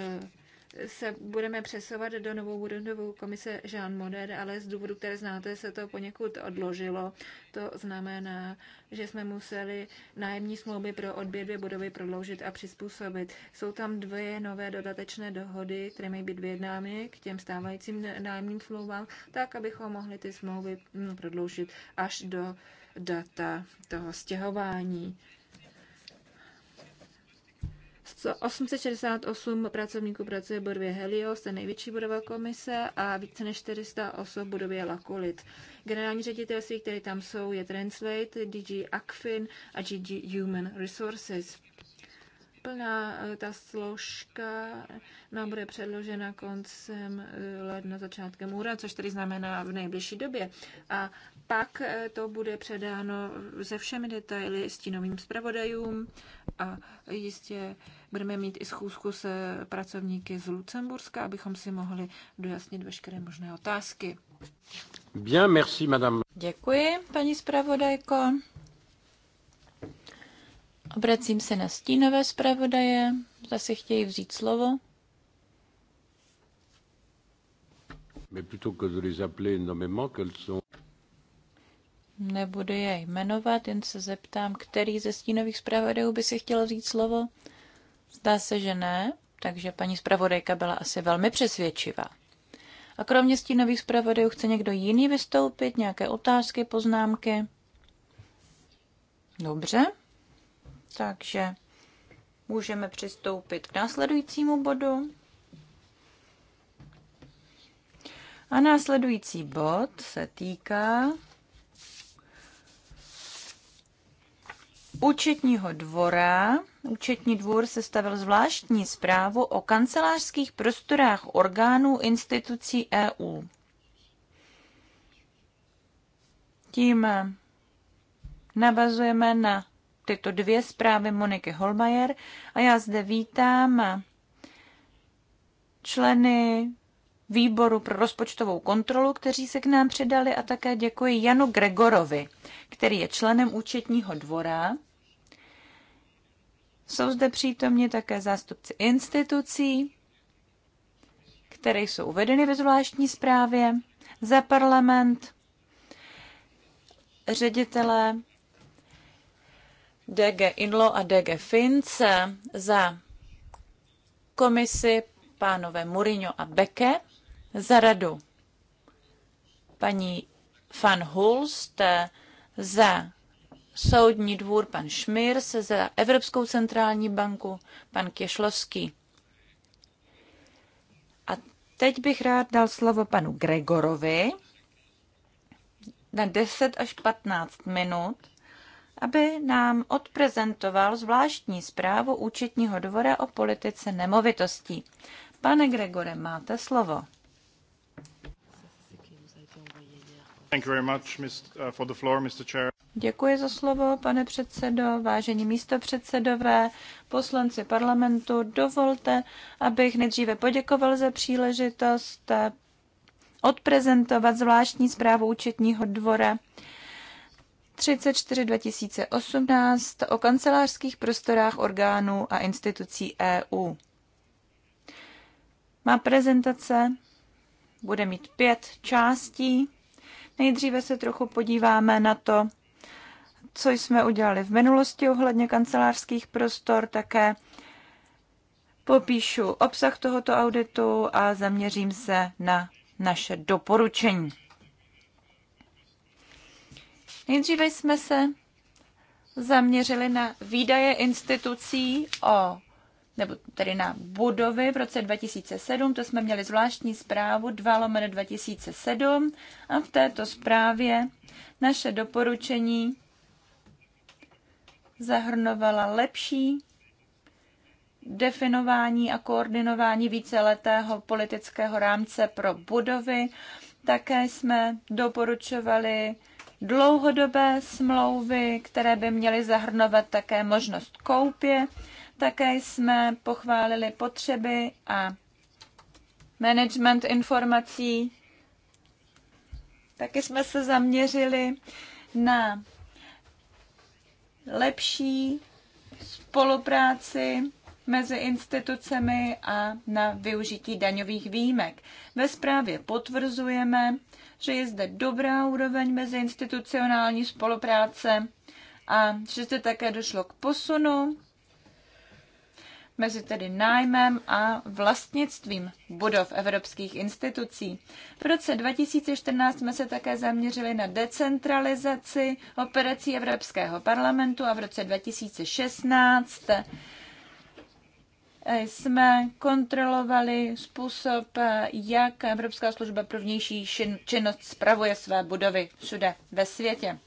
se budeme přesovat do novou budovou komise Jean Moder, ale z důvodu, které znáte, se to poněkud odložilo. To znamená, že jsme museli nájemní smlouvy pro odběr dvě budovy prodloužit a přizpůsobit. Jsou tam dvě nové dodatečné dohody, které mají být vyjednány k těm stávajícím nájemním smlouvám, tak, abychom mohli ty smlouvy mm, prodloužit až do data toho stěhování. 868 pracovníků pracuje v budově Helios, to je největší budova komise, a více než 400 osob v budově Lakulit. Generální ředitelství, které tam jsou, je Translate, DG Acfin a DG Human Resources plná eh, ta složka nám bude předložena koncem eh, ledna, začátkem úra, což tedy znamená v nejbližší době. A pak eh, to bude předáno se všemi detaily stínovým zpravodajům a jistě budeme mít i schůzku se pracovníky z Lucemburska, abychom si mohli dojasnit veškeré možné otázky. Bien, merci, madame. Děkuji, paní zpravodajko. Obracím se na stínové zpravodaje, zase chtějí vzít slovo. Nebudu je jmenovat, jen se zeptám, který ze stínových zpravodajů by si chtěl vzít slovo. Zdá se, že ne, takže paní zpravodajka byla asi velmi přesvědčivá. A kromě stínových zpravodajů chce někdo jiný vystoupit, nějaké otázky, poznámky? Dobře, takže můžeme přistoupit k následujícímu bodu. A následující bod se týká účetního dvora. Účetní dvůr sestavil zvláštní zprávu o kancelářských prostorách orgánů institucí EU. Tím navazujeme na tyto dvě zprávy Moniky Holmajer a já zde vítám členy výboru pro rozpočtovou kontrolu, kteří se k nám přidali a také děkuji Janu Gregorovi, který je členem účetního dvora. Jsou zde přítomně také zástupci institucí, které jsou uvedeny ve zvláštní zprávě, za parlament, ředitele DG Inlo a DG Fince za komisi pánové Mourinho a Beke, za radu paní Van Hulst, za soudní dvůr pan Šmirs, za Evropskou centrální banku pan Kěšlovský. A teď bych rád dal slovo panu Gregorovi na 10 až 15 minut aby nám odprezentoval zvláštní zprávu účetního dvora o politice nemovitostí. Pane Gregore, máte slovo. Uh, Děkuji za slovo, pane předsedo, vážení místopředsedové, poslanci parlamentu. Dovolte, abych nejdříve poděkoval za příležitost odprezentovat zvláštní zprávu účetního dvora 34 2018 o kancelářských prostorách orgánů a institucí EU. Má prezentace bude mít pět částí. Nejdříve se trochu podíváme na to, co jsme udělali v minulosti ohledně kancelářských prostor, také popíšu obsah tohoto auditu a zaměřím se na naše doporučení. Nejdříve jsme se zaměřili na výdaje institucí o nebo tedy na budovy v roce 2007, to jsme měli zvláštní zprávu 2 lomeno 2007 a v této zprávě naše doporučení zahrnovala lepší definování a koordinování víceletého politického rámce pro budovy. Také jsme doporučovali dlouhodobé smlouvy, které by měly zahrnovat také možnost koupě. Také jsme pochválili potřeby a management informací. Taky jsme se zaměřili na lepší spolupráci mezi institucemi a na využití daňových výjimek. Ve zprávě potvrzujeme, že je zde dobrá úroveň mezi institucionální spolupráce a že zde také došlo k posunu mezi tedy nájmem a vlastnictvím budov evropských institucí. V roce 2014 jsme se také zaměřili na decentralizaci operací Evropského parlamentu a v roce 2016 jsme kontrolovali způsob, jak Evropská služba pro vnější činnost spravuje své budovy všude ve světě.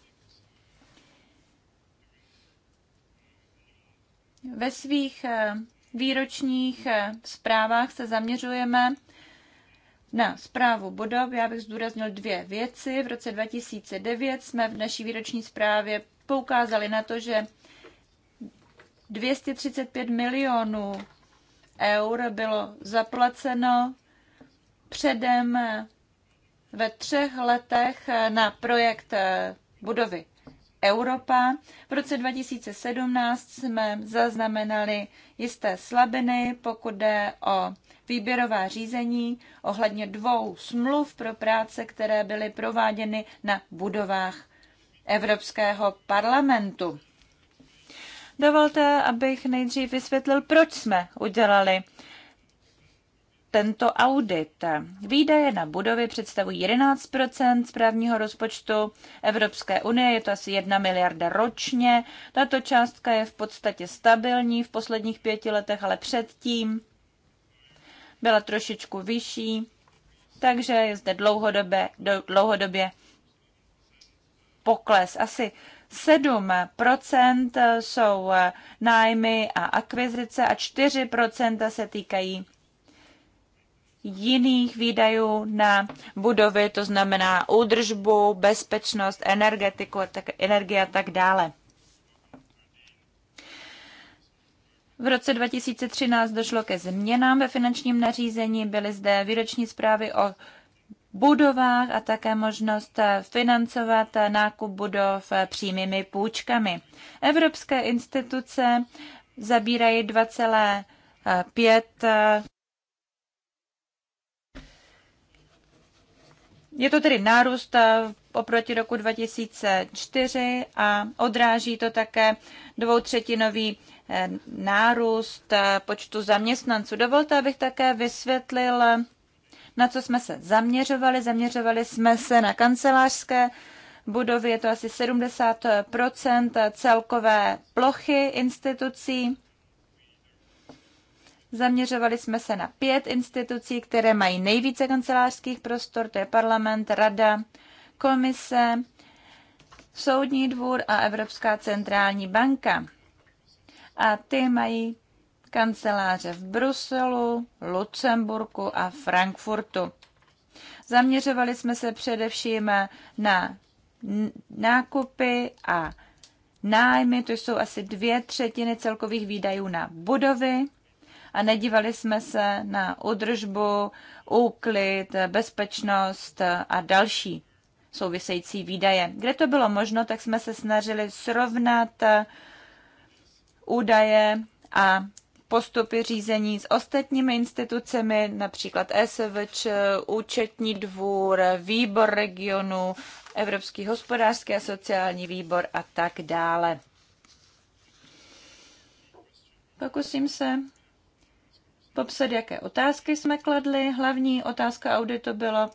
Ve svých eh, výročních eh, zprávách se zaměřujeme na zprávu budov. Já bych zdůraznil dvě věci. V roce 2009 jsme v naší výroční zprávě poukázali na to, že 235 milionů eur bylo zaplaceno předem ve třech letech na projekt budovy Europa. V roce 2017 jsme zaznamenali jisté slabiny, pokud jde o výběrová řízení ohledně dvou smluv pro práce, které byly prováděny na budovách Evropského parlamentu. Dovolte, abych nejdřív vysvětlil, proč jsme udělali tento audit. Výdaje na budovy představují 11 správního rozpočtu Evropské unie, je to asi 1 miliarda ročně. Tato částka je v podstatě stabilní v posledních pěti letech, ale předtím byla trošičku vyšší, takže je zde dlouhodobě, dlouhodobě pokles. Asi 7 jsou nájmy a akvizice a 4 se týkají jiných výdajů na budovy, to znamená údržbu, bezpečnost, energetiku, tak, energie a tak dále. V roce 2013 došlo ke změnám ve finančním nařízení, byly zde výroční zprávy o budovách a také možnost financovat nákup budov přímými půjčkami. Evropské instituce zabírají 2,5 Je to tedy nárůst oproti roku 2004 a odráží to také dvoutřetinový eh, nárůst eh, počtu zaměstnanců. Dovolte, abych také vysvětlil na co jsme se zaměřovali. Zaměřovali jsme se na kancelářské budovy, je to asi 70 celkové plochy institucí. Zaměřovali jsme se na pět institucí, které mají nejvíce kancelářských prostor, to je parlament, rada, komise, soudní dvůr a Evropská centrální banka. A ty mají kanceláře v Bruselu, Lucemburku a Frankfurtu. Zaměřovali jsme se především na nákupy a nájmy, to jsou asi dvě třetiny celkových výdajů na budovy a nedívali jsme se na udržbu, úklid, bezpečnost a další související výdaje. Kde to bylo možno, tak jsme se snažili srovnat údaje a postupy řízení s ostatními institucemi, například ESVČ, účetní dvůr, výbor regionu, Evropský hospodářský a sociální výbor a tak dále. Pokusím se popsat, jaké otázky jsme kladli. Hlavní otázka auditu byla,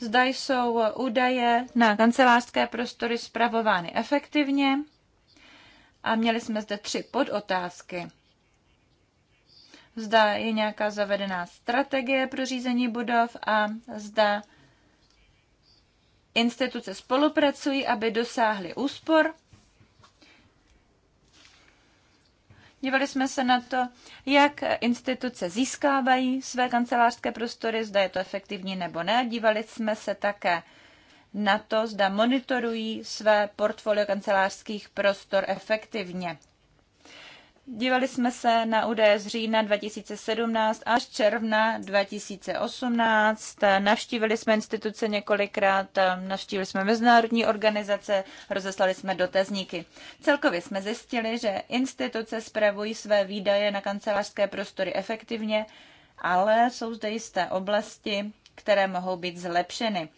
zda jsou údaje na kancelářské prostory zpravovány efektivně a měli jsme zde tři podotázky. Zda je nějaká zavedená strategie pro řízení budov a zda instituce spolupracují, aby dosáhly úspor. Dívali jsme se na to, jak instituce získávají své kancelářské prostory, zda je to efektivní nebo ne. Dívali jsme se také na to, zda monitorují své portfolio kancelářských prostor efektivně. Dívali jsme se na údaje z října 2017 až června 2018. Navštívili jsme instituce několikrát, navštívili jsme mezinárodní organizace, rozeslali jsme dotazníky. Celkově jsme zjistili, že instituce spravují své výdaje na kancelářské prostory efektivně, ale jsou zde jisté oblasti, které mohou být zlepšeny.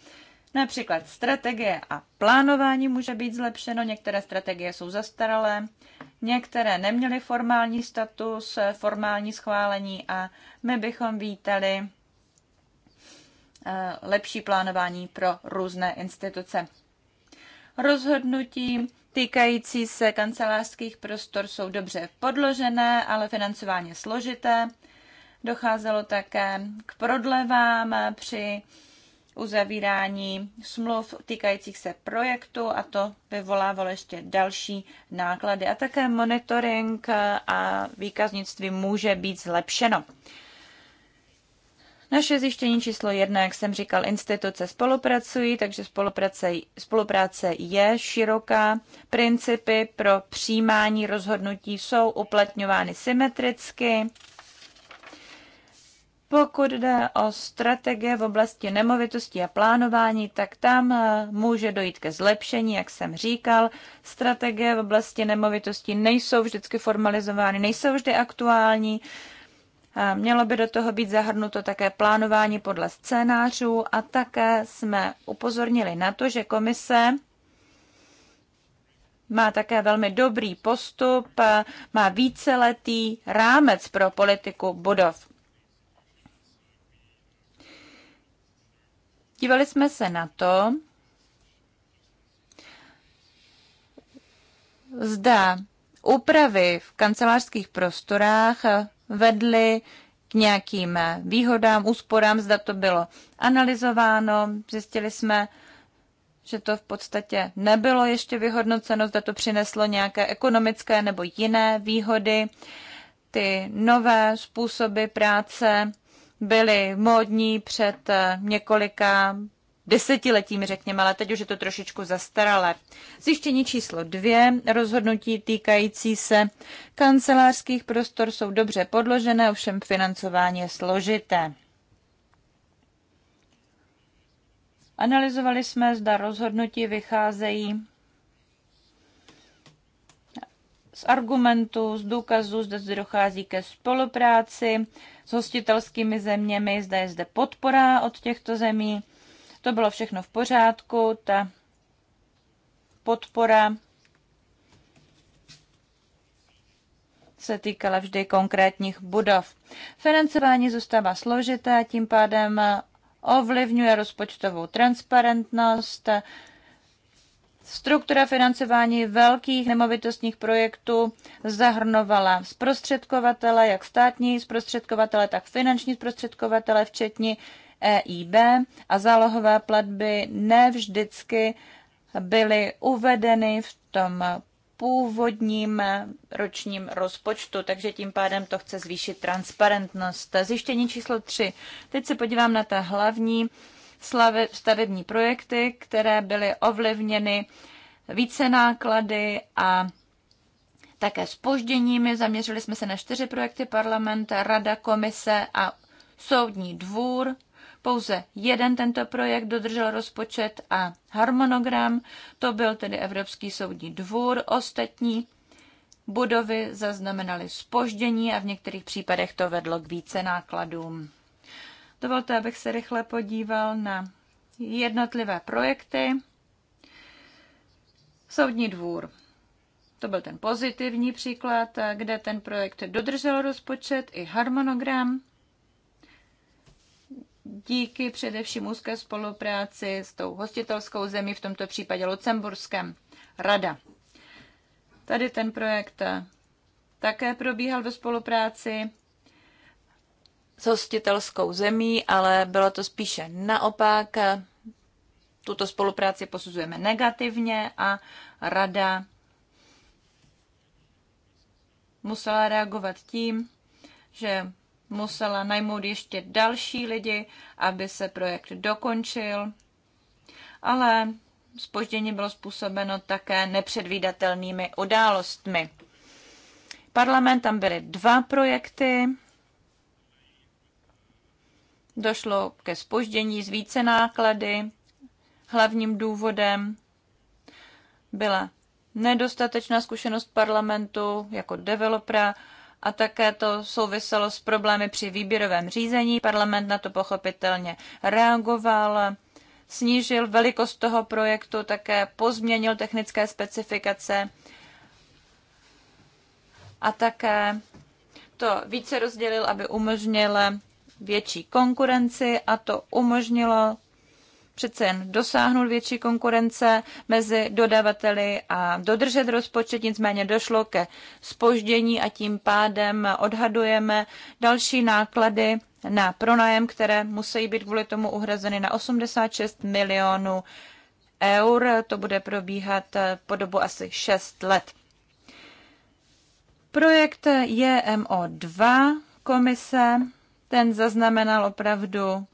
Například strategie a plánování může být zlepšeno, některé strategie jsou zastaralé, některé neměly formální status, formální schválení a my bychom vítali eh, lepší plánování pro různé instituce. Rozhodnutí týkající se kancelářských prostor jsou dobře podložené, ale financování složité. Docházelo také k prodlevám při uzavírání smluv týkajících se projektu a to vyvolávalo ještě další náklady. A také monitoring a výkaznictví může být zlepšeno. Naše zjištění číslo jedna, jak jsem říkal, instituce spolupracují, takže spolupráce, spolupráce je široká. Principy pro přijímání rozhodnutí jsou uplatňovány symetricky pokud jde o strategie v oblasti nemovitosti a plánování, tak tam eh, může dojít ke zlepšení, jak jsem říkal. Strategie v oblasti nemovitosti nejsou vždycky formalizovány, nejsou vždy aktuální. Eh, mělo by do toho být zahrnuto také plánování podle scénářů a také jsme upozornili na to, že komise má také velmi dobrý postup, eh, má víceletý rámec pro politiku budov. Dívali jsme se na to, zda úpravy v kancelářských prostorách vedly k nějakým výhodám, úsporám, zda to bylo analyzováno. Zjistili jsme, že to v podstatě nebylo ještě vyhodnoceno, zda to přineslo nějaké ekonomické nebo jiné výhody. Ty nové způsoby práce byly módní před eh, několika desetiletími, řekněme, ale teď už je to trošičku zastaralé. Zjištění číslo dvě, rozhodnutí týkající se kancelářských prostor jsou dobře podložené, ovšem financování je složité. Analyzovali jsme, zda rozhodnutí vycházejí z argumentů, z důkazů, zde zde dochází ke spolupráci s hostitelskými zeměmi, zde je zde podpora od těchto zemí. To bylo všechno v pořádku, ta podpora se týkala vždy konkrétních budov. Financování zůstává složité, tím pádem ovlivňuje rozpočtovou transparentnost, Struktura financování velkých nemovitostních projektů zahrnovala zprostředkovatele, jak státní zprostředkovatele, tak finanční zprostředkovatele, včetně EIB a zálohové platby nevždycky byly uvedeny v tom původním ročním rozpočtu, takže tím pádem to chce zvýšit transparentnost. Zjištění číslo 3. Teď se podívám na ta hlavní stavební projekty, které byly ovlivněny více náklady a také spožděními. Zaměřili jsme se na čtyři projekty parlament, rada, komise a soudní dvůr. Pouze jeden tento projekt dodržel rozpočet a harmonogram, to byl tedy Evropský soudní dvůr. Ostatní budovy zaznamenaly spoždění a v některých případech to vedlo k více nákladům. Dovolte, abych se rychle podíval na jednotlivé projekty. Soudní dvůr. To byl ten pozitivní příklad, kde ten projekt dodržel rozpočet i harmonogram díky především úzké spolupráci s tou hostitelskou zemí, v tomto případě Lucemburskem, Rada. Tady ten projekt také probíhal ve spolupráci s hostitelskou zemí, ale bylo to spíše naopak. Tuto spolupráci posuzujeme negativně a rada musela reagovat tím, že musela najmout ještě další lidi, aby se projekt dokončil, ale spoždění bylo způsobeno také nepředvídatelnými událostmi. Parlament tam byly dva projekty, Došlo ke spoždění z více náklady. Hlavním důvodem byla nedostatečná zkušenost parlamentu jako developera a také to souviselo s problémy při výběrovém řízení. Parlament na to pochopitelně reagoval, snížil velikost toho projektu, také pozměnil technické specifikace a také to více rozdělil, aby umožnil větší konkurenci a to umožnilo přece jen dosáhnout větší konkurence mezi dodavateli a dodržet rozpočet, nicméně došlo ke spoždění a tím pádem odhadujeme další náklady na pronájem, které musí být kvůli tomu uhrazeny na 86 milionů eur. To bude probíhat po dobu asi 6 let. Projekt JMO2 komise ten zaznamenal opravdu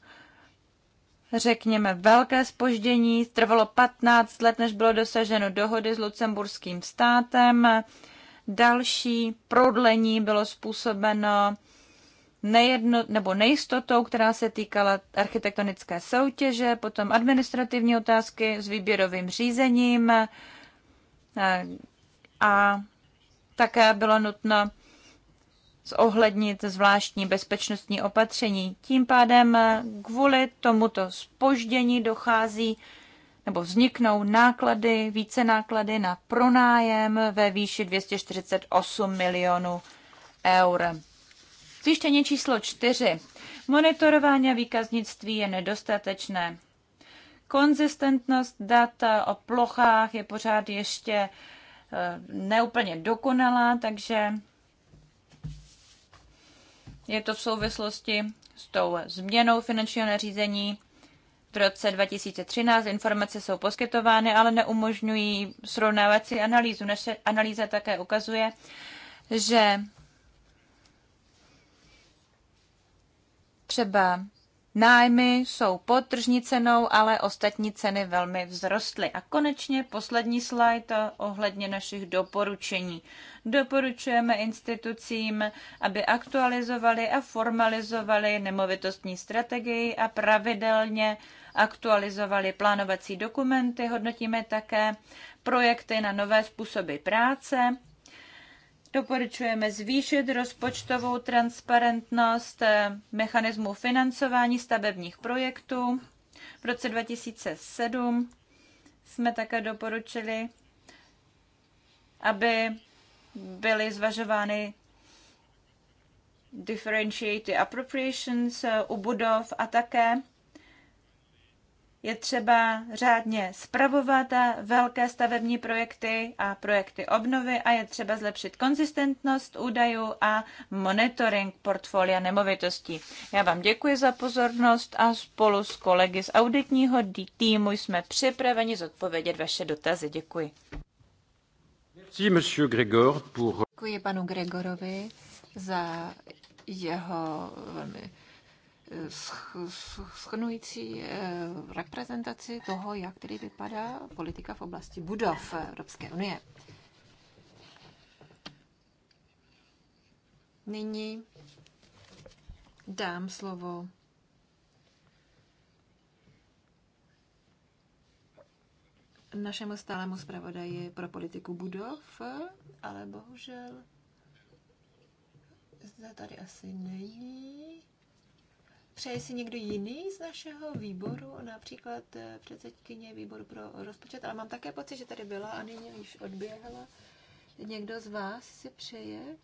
řekněme, velké spoždění. Trvalo 15 let, než bylo dosaženo dohody s lucemburským státem. Další prodlení bylo způsobeno nejedno, nebo nejistotou, která se týkala architektonické soutěže, potom administrativní otázky s výběrovým řízením a také bylo nutno zohlednit zvláštní bezpečnostní opatření. Tím pádem kvůli tomuto spoždění dochází nebo vzniknou náklady, více náklady na pronájem ve výši 248 milionů eur. Zjištění číslo 4. Monitorování a výkaznictví je nedostatečné. Konzistentnost dat o plochách je pořád ještě eh, neúplně dokonalá, takže je to v souvislosti s tou změnou finančního nařízení. V roce 2013 informace jsou poskytovány, ale neumožňují srovnávací analýzu. Naše analýza také ukazuje, že třeba Nájmy jsou pod tržní cenou, ale ostatní ceny velmi vzrostly. A konečně poslední slide ohledně našich doporučení. Doporučujeme institucím, aby aktualizovali a formalizovali nemovitostní strategii a pravidelně aktualizovali plánovací dokumenty. Hodnotíme také projekty na nové způsoby práce Doporučujeme zvýšit rozpočtovou transparentnost eh, mechanismu financování stavebních projektů. V roce 2007 jsme také doporučili, aby byly zvažovány differentiated appropriations eh, u budov a také je třeba řádně spravovat velké stavební projekty a projekty obnovy a je třeba zlepšit konzistentnost údajů a monitoring portfolia nemovitostí. Já vám děkuji za pozornost a spolu s kolegy z auditního týmu jsme připraveni zodpovědět vaše dotazy. Děkuji. Děkuji panu Gregorovi za jeho velmi schrnující eh, reprezentaci toho, jak tedy vypadá politika v oblasti budov Evropské unie. Nyní dám slovo našemu stálemu zpravodaji pro politiku budov, ale bohužel zde tady asi není. Přeje si někdo jiný z našeho výboru, například eh, předsedkyně výboru pro rozpočet, ale mám také pocit, že tady byla a nyní již odběhla. Někdo z vás si přeje?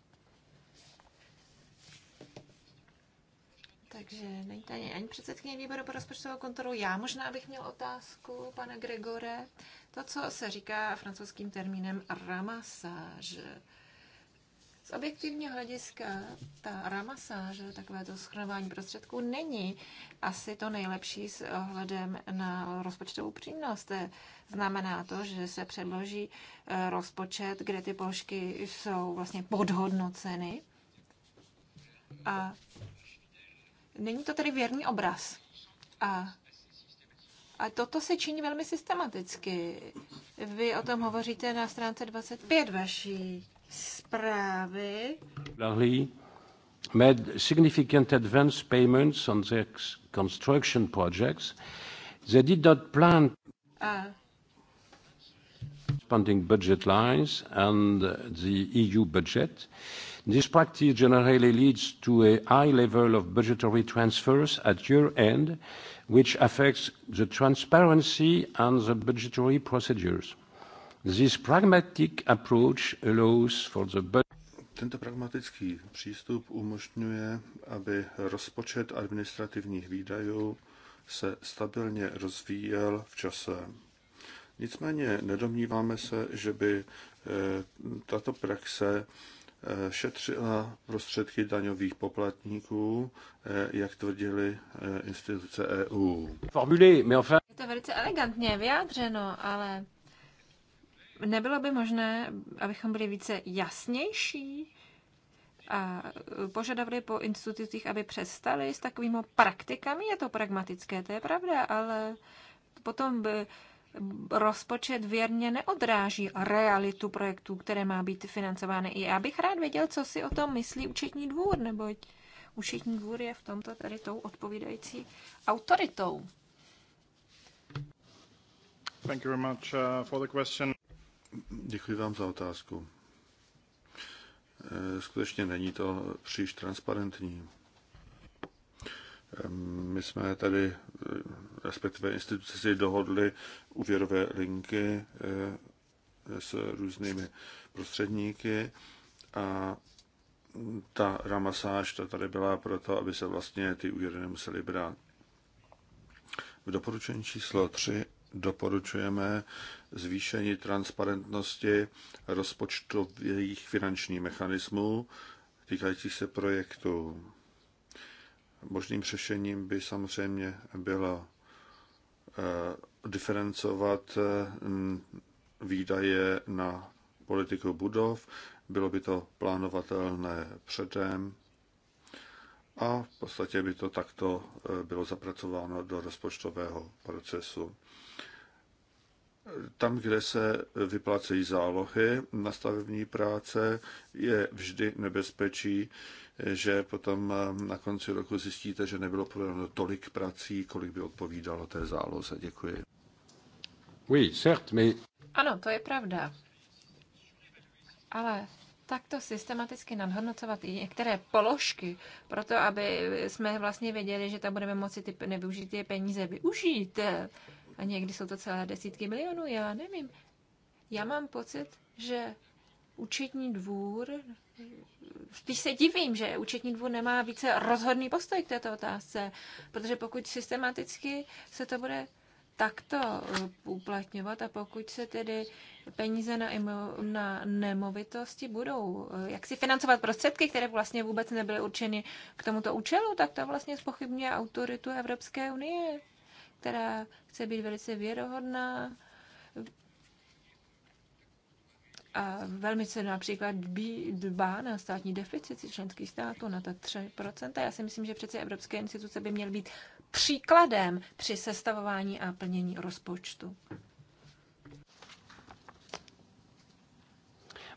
Takže není tady ani předsedkyně výboru pro rozpočtovou kontrolu. Já možná bych měl otázku, pane Gregore. To, co se říká francouzským termínem ramasáž. Z objektivního hlediska ta ramasáž, to schrnování prostředků, není asi to nejlepší s ohledem na rozpočtovou přínos. Znamená to, že se předloží eh, rozpočet, kde ty položky jsou vlastně podhodnoceny. A není to tedy věrný obraz. A a toto se činí velmi systematicky. Vy o tom hovoříte na stránce 25 vaší zprávy. made significant advance payments on their construction projects. They did not plan a. expanding budget lines and the EU budget. This practice generally leads to a high level of budgetary transfers at year-end, which affects the transparency and the budgetary procedures. This pragmatic approach allows for the tento pragmatický přístup umožňuje, aby rozpočet administrativních výdajů se stabilně rozvíjel v čase. Nicméně nedomníváme se, že by eh, tato praxe eh, šetřila prostředky daňových poplatníků, eh, jak tvrdili instituce EU. Je to velice elegantně vyjádřeno, ale nebylo by možné, abychom byli více jasnější a požadovali po institucích, aby přestali s takovými praktikami? Je to pragmatické, to je pravda, ale potom by rozpočet věrně neodráží realitu projektů, které má být financovány. I já bych rád věděl, co si o tom myslí účetní dvůr, neboť účetní dvůr je v tomto tady tou odpovídající autoritou. Thank you very much uh, for the question. Děkuji vám za otázku. Eh, skutečně není to příliš transparentní. Eh, my jsme tady, eh, respektive instituce si dohodly úvěrové linky s různými prostředníky a ta ramasáž to tady byla proto, aby se vlastně ty úvěry nemuseli brát. V doporučení číslo 3 doporučujeme zvýšení transparentnosti rozpočtových finančních mechanismů týkajících se projektů. Možným řešením by samozřejmě bylo eh, diferencovat eh, výdaje na politiku budov, bylo by to plánovatelné předem a v podstatě by to takto eh, bylo zapracováno do rozpočtového procesu tam, kde se vyplacejí zálohy na stavební práce, je vždy nebezpečí, že potom na konci roku zjistíte, že nebylo provedeno tolik prací, kolik by odpovídalo té záloze. Děkuji. Oui, certes, mais... Ano, to je pravda. Ale takto systematicky nadhodnocovat i některé položky, proto aby jsme vlastně věděli, že tam budeme moci ty nevyužité peníze využít, a někdy jsou to celé desítky milionů, já nevím. Já mám pocit, že účetní dvůr, spíš se divím, že účetní dvůr nemá více rozhodný postoj k této otázce, protože pokud systematicky se to bude takto eh, uplatňovat a pokud se tedy peníze na, imo, na nemovitosti budou, eh, jak si financovat prostředky, které vlastně vůbec nebyly určeny k tomuto účelu, tak to vlastně spochybňuje autoritu Evropské unie která chce být velice věrohodná a velmi se například dbá na státní deficit členských států na ta 3%. Já si myslím, že přece evropské instituce by měly být příkladem při sestavování a plnění rozpočtu.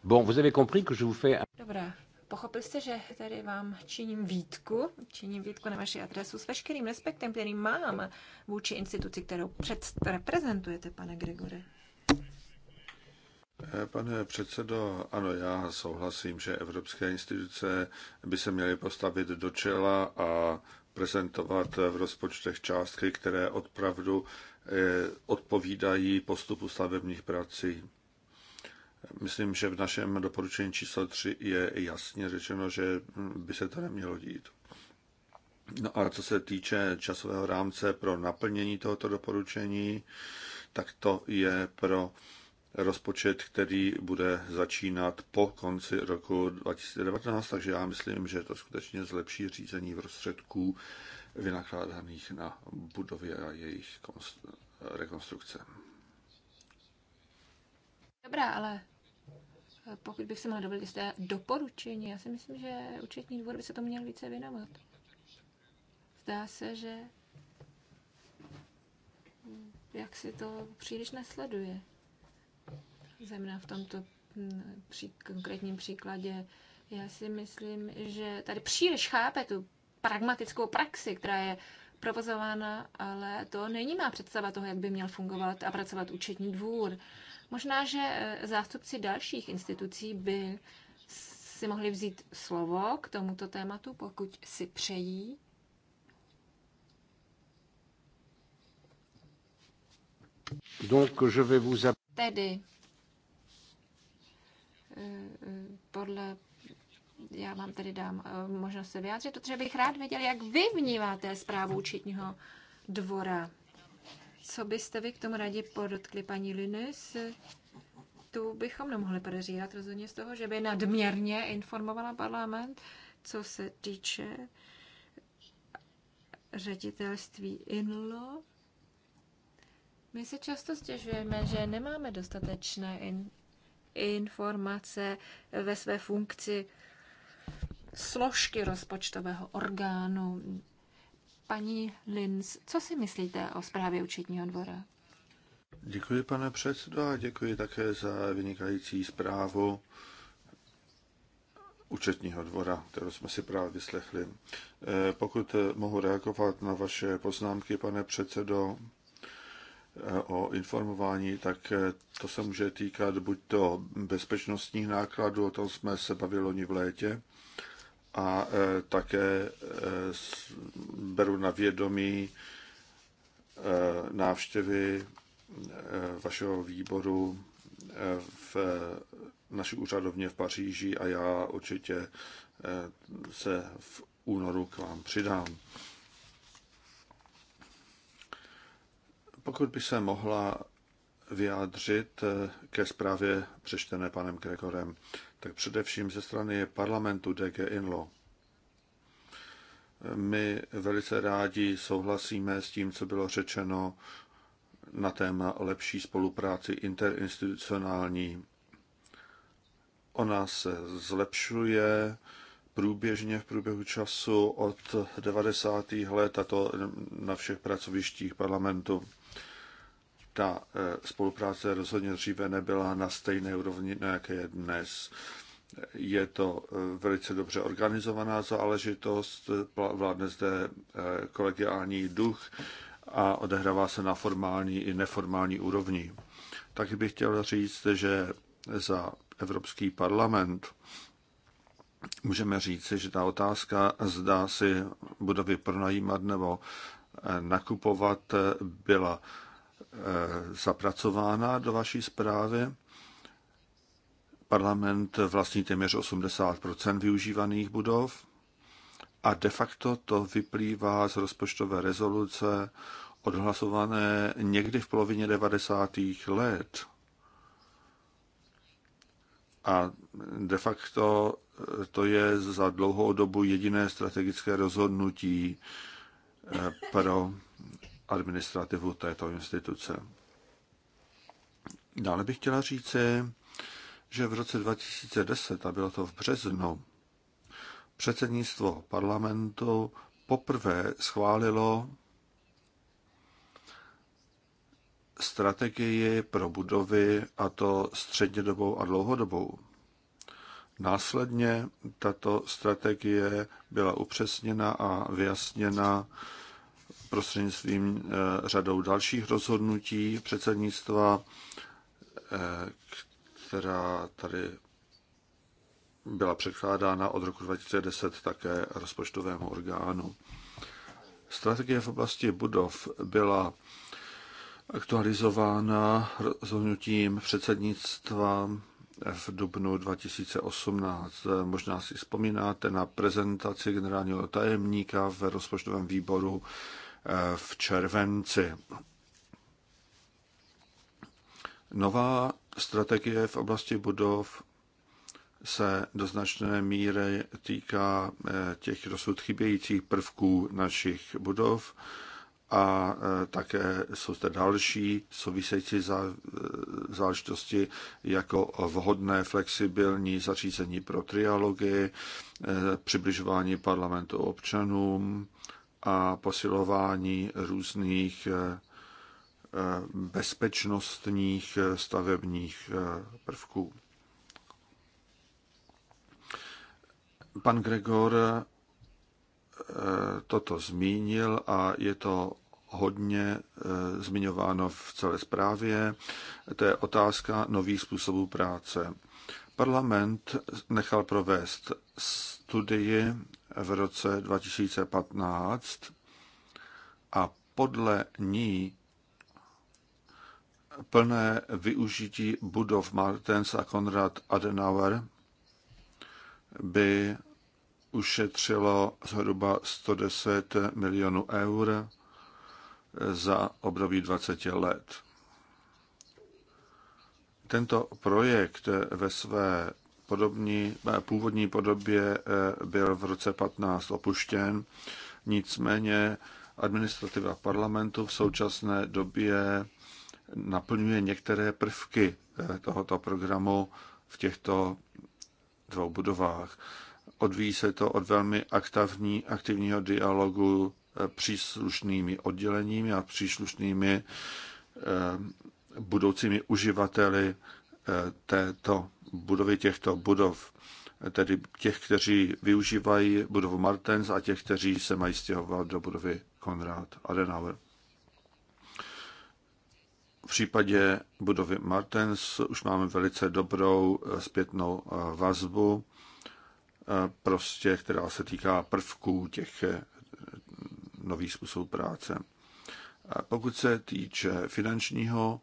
Bon, vous avez compris que je vous fais... Dobrá, Pochopil jste, že tady vám činím výtku, činím výtku na vaši adresu s veškerým respektem, který mám vůči instituci, kterou před, reprezentujete, pane Gregore. Eh, pane předsedo, ano, já souhlasím, že evropské instituce by se měly postavit do čela a prezentovat v rozpočtech částky, které odpravdu eh, odpovídají postupu stavebních prací. Myslím, že v našem doporučení číslo 3 je jasně řečeno, že by se to nemělo dít. No a co se týče časového rámce pro naplnění tohoto doporučení, tak to je pro rozpočet, který bude začínat po konci roku 2019, takže já myslím, že to skutečně zlepší řízení prostředků vynakládaných na budově a jejich rekonstrukce. Dobrá, ale eh, pokud bych si mohla dovolit jisté doporučení, já si myslím, že účetní dvůr by se to měl více věnovat. Zdá se, že hm, jak si to příliš nesleduje. Zemna v tomto hm, při konkrétním příkladě. Já si myslím, že tady příliš chápe tu pragmatickou praxi, která je provozována, ale to není má představa toho, jak by měl fungovat a pracovat účetní dvůr. Možná, že e, zástupci dalších institucí by si mohli vzít slovo k tomuto tématu, pokud si přejí. Donc, je vais vous... Tedy, e, e, podle já vám tedy dám možnost se vyjádřit, protože bych rád věděl, jak vy vnímáte zprávu účetního dvora. Co byste vy k tomu rádi podotkli, paní Linus? Tu bychom nemohli podezřívat rozhodně z toho, že by nadměrně informovala parlament, co se týče ředitelství INLO. My se často stěžujeme, že nemáme dostatečné in- informace ve své funkci složky rozpočtového orgánu. Paní Linz, co si myslíte o zprávě účetního dvora? Děkuji, pane předsedo, a děkuji také za vynikající zprávu účetního dvora, kterou jsme si právě vyslechli. E, pokud mohu reagovat na vaše poznámky, pane předsedo, e, o informování, tak e, to se může týkat buď to bezpečnostních nákladů, o tom jsme se bavili loni v létě, a e, také e, beru na vědomí e, návštěvy vašeho výboru v naší úřadovně v Paříži a já určitě se v únoru k vám přidám. Pokud by se mohla vyjádřit ke zprávě přečtené panem Gregorem tak především ze strany parlamentu DG Inlo. My velice rádi souhlasíme s tím, co bylo řečeno na téma lepší spolupráci interinstitucionální. Ona se zlepšuje průběžně v průběhu času od 90. let a to na všech pracovištích parlamentu ta e, spolupráce rozhodně dříve nebyla na stejné úrovni, na jaké je dnes. Je to e, velice dobře organizovaná záležitost, vládne zde e, kolegiální duch a odehrává se na formální i neformální úrovni. Taky bych chtěl říct, že za Evropský parlament můžeme říci, že ta otázka, zda si budovy pronajímat nebo nakupovat, byla Eh, zapracována do vaší zprávy. Parlament vlastní téměř 80 využívaných budov a de facto to vyplývá z rozpočtové rezoluce odhlasované někdy v polovině 90. let. A de facto eh, to je za dlouhou dobu jediné strategické rozhodnutí eh, pro administrativu této instituce. Dále bych chtěla říci, že v roce 2010, a bylo to v březnu, předsednictvo parlamentu poprvé schválilo strategii pro budovy, a to střednědobou a dlouhodobou. Následně tato strategie byla upřesněna a vyjasněna prostřednictvím eh, řadou dalších rozhodnutí předsednictva, eh, která tady byla předkládána od roku 2010 také rozpočtovému orgánu. Strategie v oblasti budov byla aktualizována rozhodnutím předsednictva v dubnu 2018. Možná si vzpomínáte na prezentaci generálního tajemníka v rozpočtovém výboru v červenci. Nová strategie v oblasti budov se do značné míry týká eh, těch dosud chybějících prvků našich budov a eh, také jsou zde další související eh, záležitosti jako vhodné flexibilní zařízení pro trialogy, přibližování parlamentu občanům, a posilování různých eh, eh, bezpečnostních eh, stavebních prvků. Pan Gregor toto zmínil a je to hodně zmiňováno v celé zprávě. To je otázka nových způsobů práce. Parlament nechal provést studii v roce 2015 a podle ní plné využití budov Martens a Konrad Adenauer by ušetřilo zhruba 110 milionů eur za období 20 let. Tento projekt ve své podobní, eh, původní podobě eh, byl v roce 15 opuštěn. Nicméně administrativa parlamentu v současné době naplňuje některé prvky eh, tohoto programu v těchto dvou budovách. Odvíjí se to od velmi aktivní, aktivního dialogu příslušnými odděleními a příslušnými budoucími uživateli této budovy těchto budov, tedy těch, kteří využívají budovu Martens a těch, kteří se mají stěhovat do budovy Konrad Adenauer. V případě budovy Martens už máme velice dobrou eh, zpětnou eh, vazbu, eh, prostě, která se týká prvků těch nových způsobů práce. Pokud se týče finančního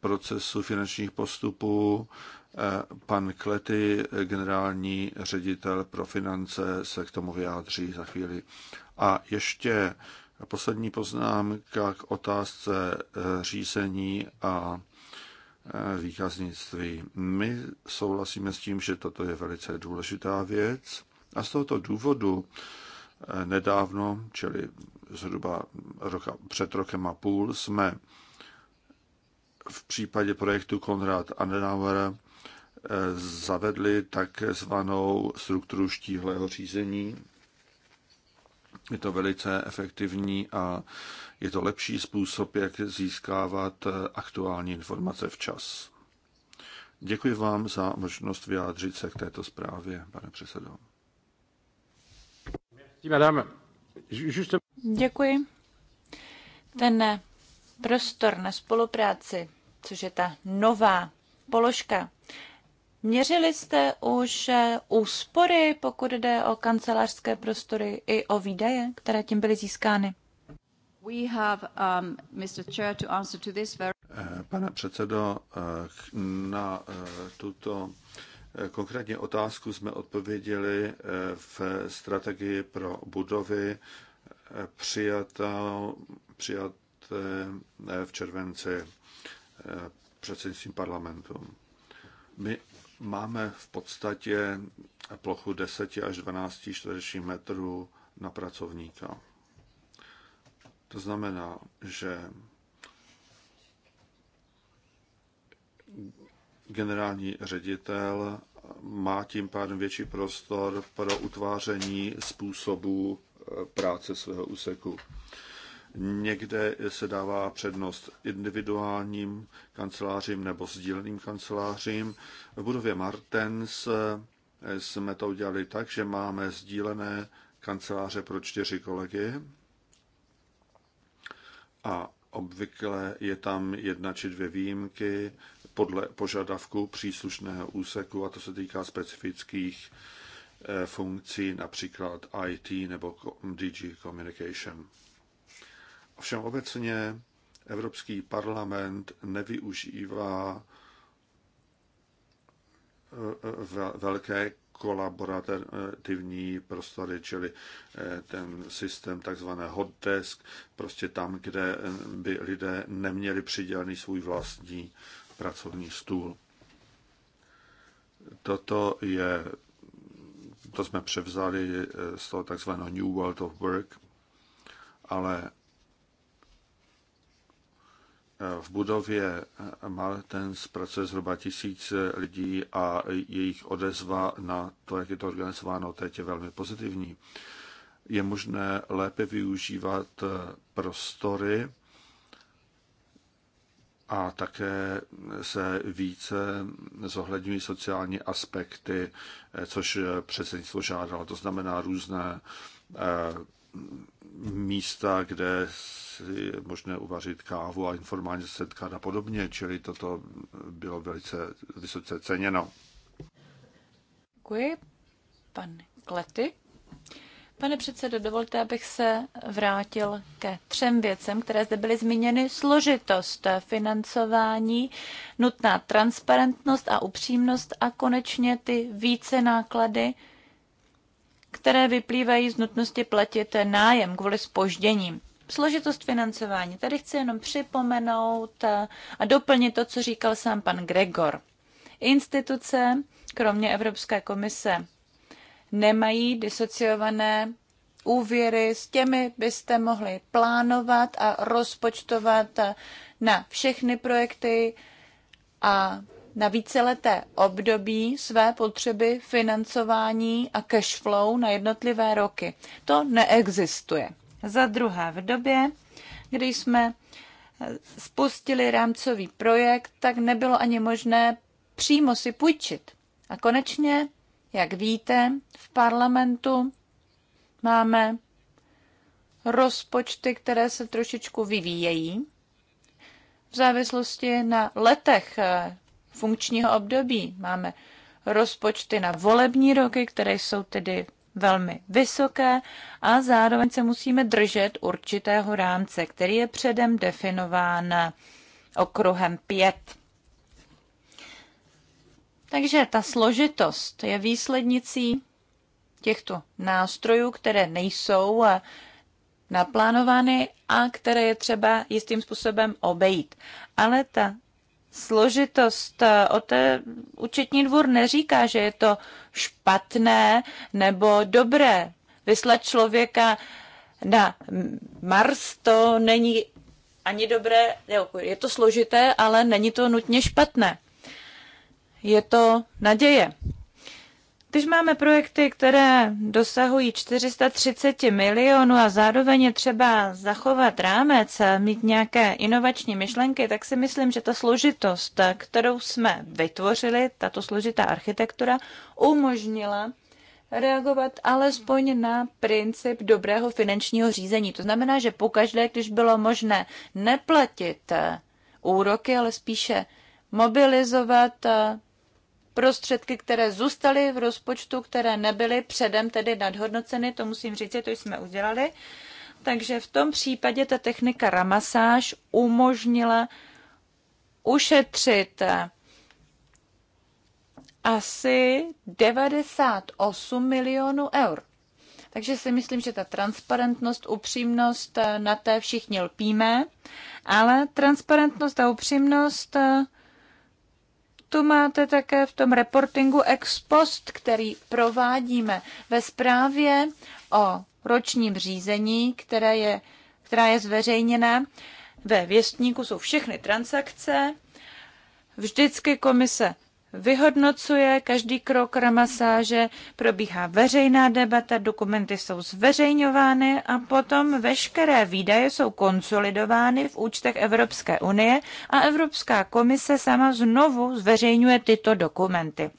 procesu, finančních postupů, Pan Klety, generální ředitel pro finance, se k tomu vyjádří za chvíli. A ještě poslední poznámka k otázce eh, řízení a eh, výkaznictví. My souhlasíme s tím, že toto je velice důležitá věc a z tohoto důvodu eh, nedávno, čili zhruba roka, před rokem a půl, jsme v případě projektu Konrad Adenauer zavedli takzvanou strukturu štíhlého řízení. Je to velice efektivní a je to lepší způsob, jak získávat aktuální informace včas. Děkuji vám za možnost vyjádřit se k této zprávě, pane předsedo. Děkuji. Ten prostor na spolupráci, což je ta nová položka, Měřili jste už eh, úspory, pokud jde o kancelářské prostory i o výdaje, které tím byly získány? Um, eh, pane předsedo, eh, na tuto konkrétní otázku jsme odpověděli v strategii pro budovy přijatou, přijaté v červenci předsednictvím parlamentu. My máme v podstatě plochu 10 až 12 čtvereční metrů na pracovníka. To znamená, že generální ředitel má tím pádem větší prostor pro utváření způsobu eh, práce svého úseku. Někde se dává přednost individuálním kancelářím nebo sdíleným kancelářím. V budově Martens eh, jsme to udělali tak, že máme sdílené kanceláře pro čtyři kolegy a obvykle je tam jedna či dvě výjimky podle požadavku příslušného úseku a to se týká specifických eh, funkcí, například IT nebo DG Communication. Ovšem obecně Evropský parlament nevyužívá eh, velké kolaborativní prostory, čili eh, ten systém takzvané hot desk, prostě tam, kde eh, by lidé neměli přidělený svůj vlastní pracovní stůl. Toto je, to jsme převzali z toho takzvaného New World of Work, ale v budově Maltens pracuje zhruba tisíc lidí a jejich odezva na to, jak je to organizováno, teď je velmi pozitivní. Je možné lépe využívat prostory a také se více zohledňují sociální aspekty, což předsednictvo žádalo. To znamená různé eh, místa, kde je možné uvařit kávu a informálně setkat a podobně, čili toto bylo velice vysoce ceněno. Děkuji. Pan Klety. Pane předsedo, dovolte, abych se vrátil ke třem věcem, které zde byly zmíněny. Složitost financování, nutná transparentnost a upřímnost a konečně ty více náklady, které vyplývají z nutnosti platit nájem kvůli spožděním. Složitost financování. Tady chci jenom připomenout a doplnit to, co říkal sám pan Gregor. Instituce, kromě Evropské komise, nemají disociované úvěry, s těmi byste mohli plánovat a rozpočtovat na všechny projekty a na víceleté období své potřeby financování a cash flow na jednotlivé roky. To neexistuje. Za druhé, v době, kdy jsme eh, spustili rámcový projekt, tak nebylo ani možné přímo si půjčit. A konečně, jak víte, v parlamentu máme rozpočty, které se trošičku vyvíjejí v závislosti na letech eh, funkčního období. Máme rozpočty na volební roky, které jsou tedy velmi vysoké a zároveň se musíme držet určitého rámce, který je předem definován okruhem 5. Takže ta složitost je výslednicí těchto nástrojů, které nejsou naplánovány a které je třeba jistým způsobem obejít. Ale ta složitost. O té účetní dvůr neříká, že je to špatné nebo dobré. Vyslat člověka na Mars to není ani dobré, je to složité, ale není to nutně špatné. Je to naděje. Když máme projekty, které dosahují 430 milionů a zároveň je třeba zachovat rámec, mít nějaké inovační myšlenky, tak si myslím, že ta složitost, kterou jsme vytvořili, tato složitá architektura, umožnila reagovat alespoň na princip dobrého finančního řízení. To znamená, že pokaždé, když bylo možné neplatit eh, úroky, ale spíše mobilizovat eh, prostředky, které zůstaly v rozpočtu, které nebyly předem tedy nadhodnoceny, to musím říct, to jsme udělali. Takže v tom případě ta technika ramasáž umožnila ušetřit asi 98 milionů eur. Takže si myslím, že ta transparentnost, upřímnost, na té všichni lpíme, ale transparentnost a upřímnost to máte také v tom reportingu ex post, který provádíme ve zprávě o ročním řízení, které je, která je zveřejněna. Ve věstníku jsou všechny transakce. Vždycky komise vyhodnocuje každý krok ramasáže, probíhá veřejná debata, dokumenty jsou zveřejňovány a potom veškeré výdaje jsou konsolidovány v účtech Evropské unie a Evropská komise sama znovu zveřejňuje tyto dokumenty.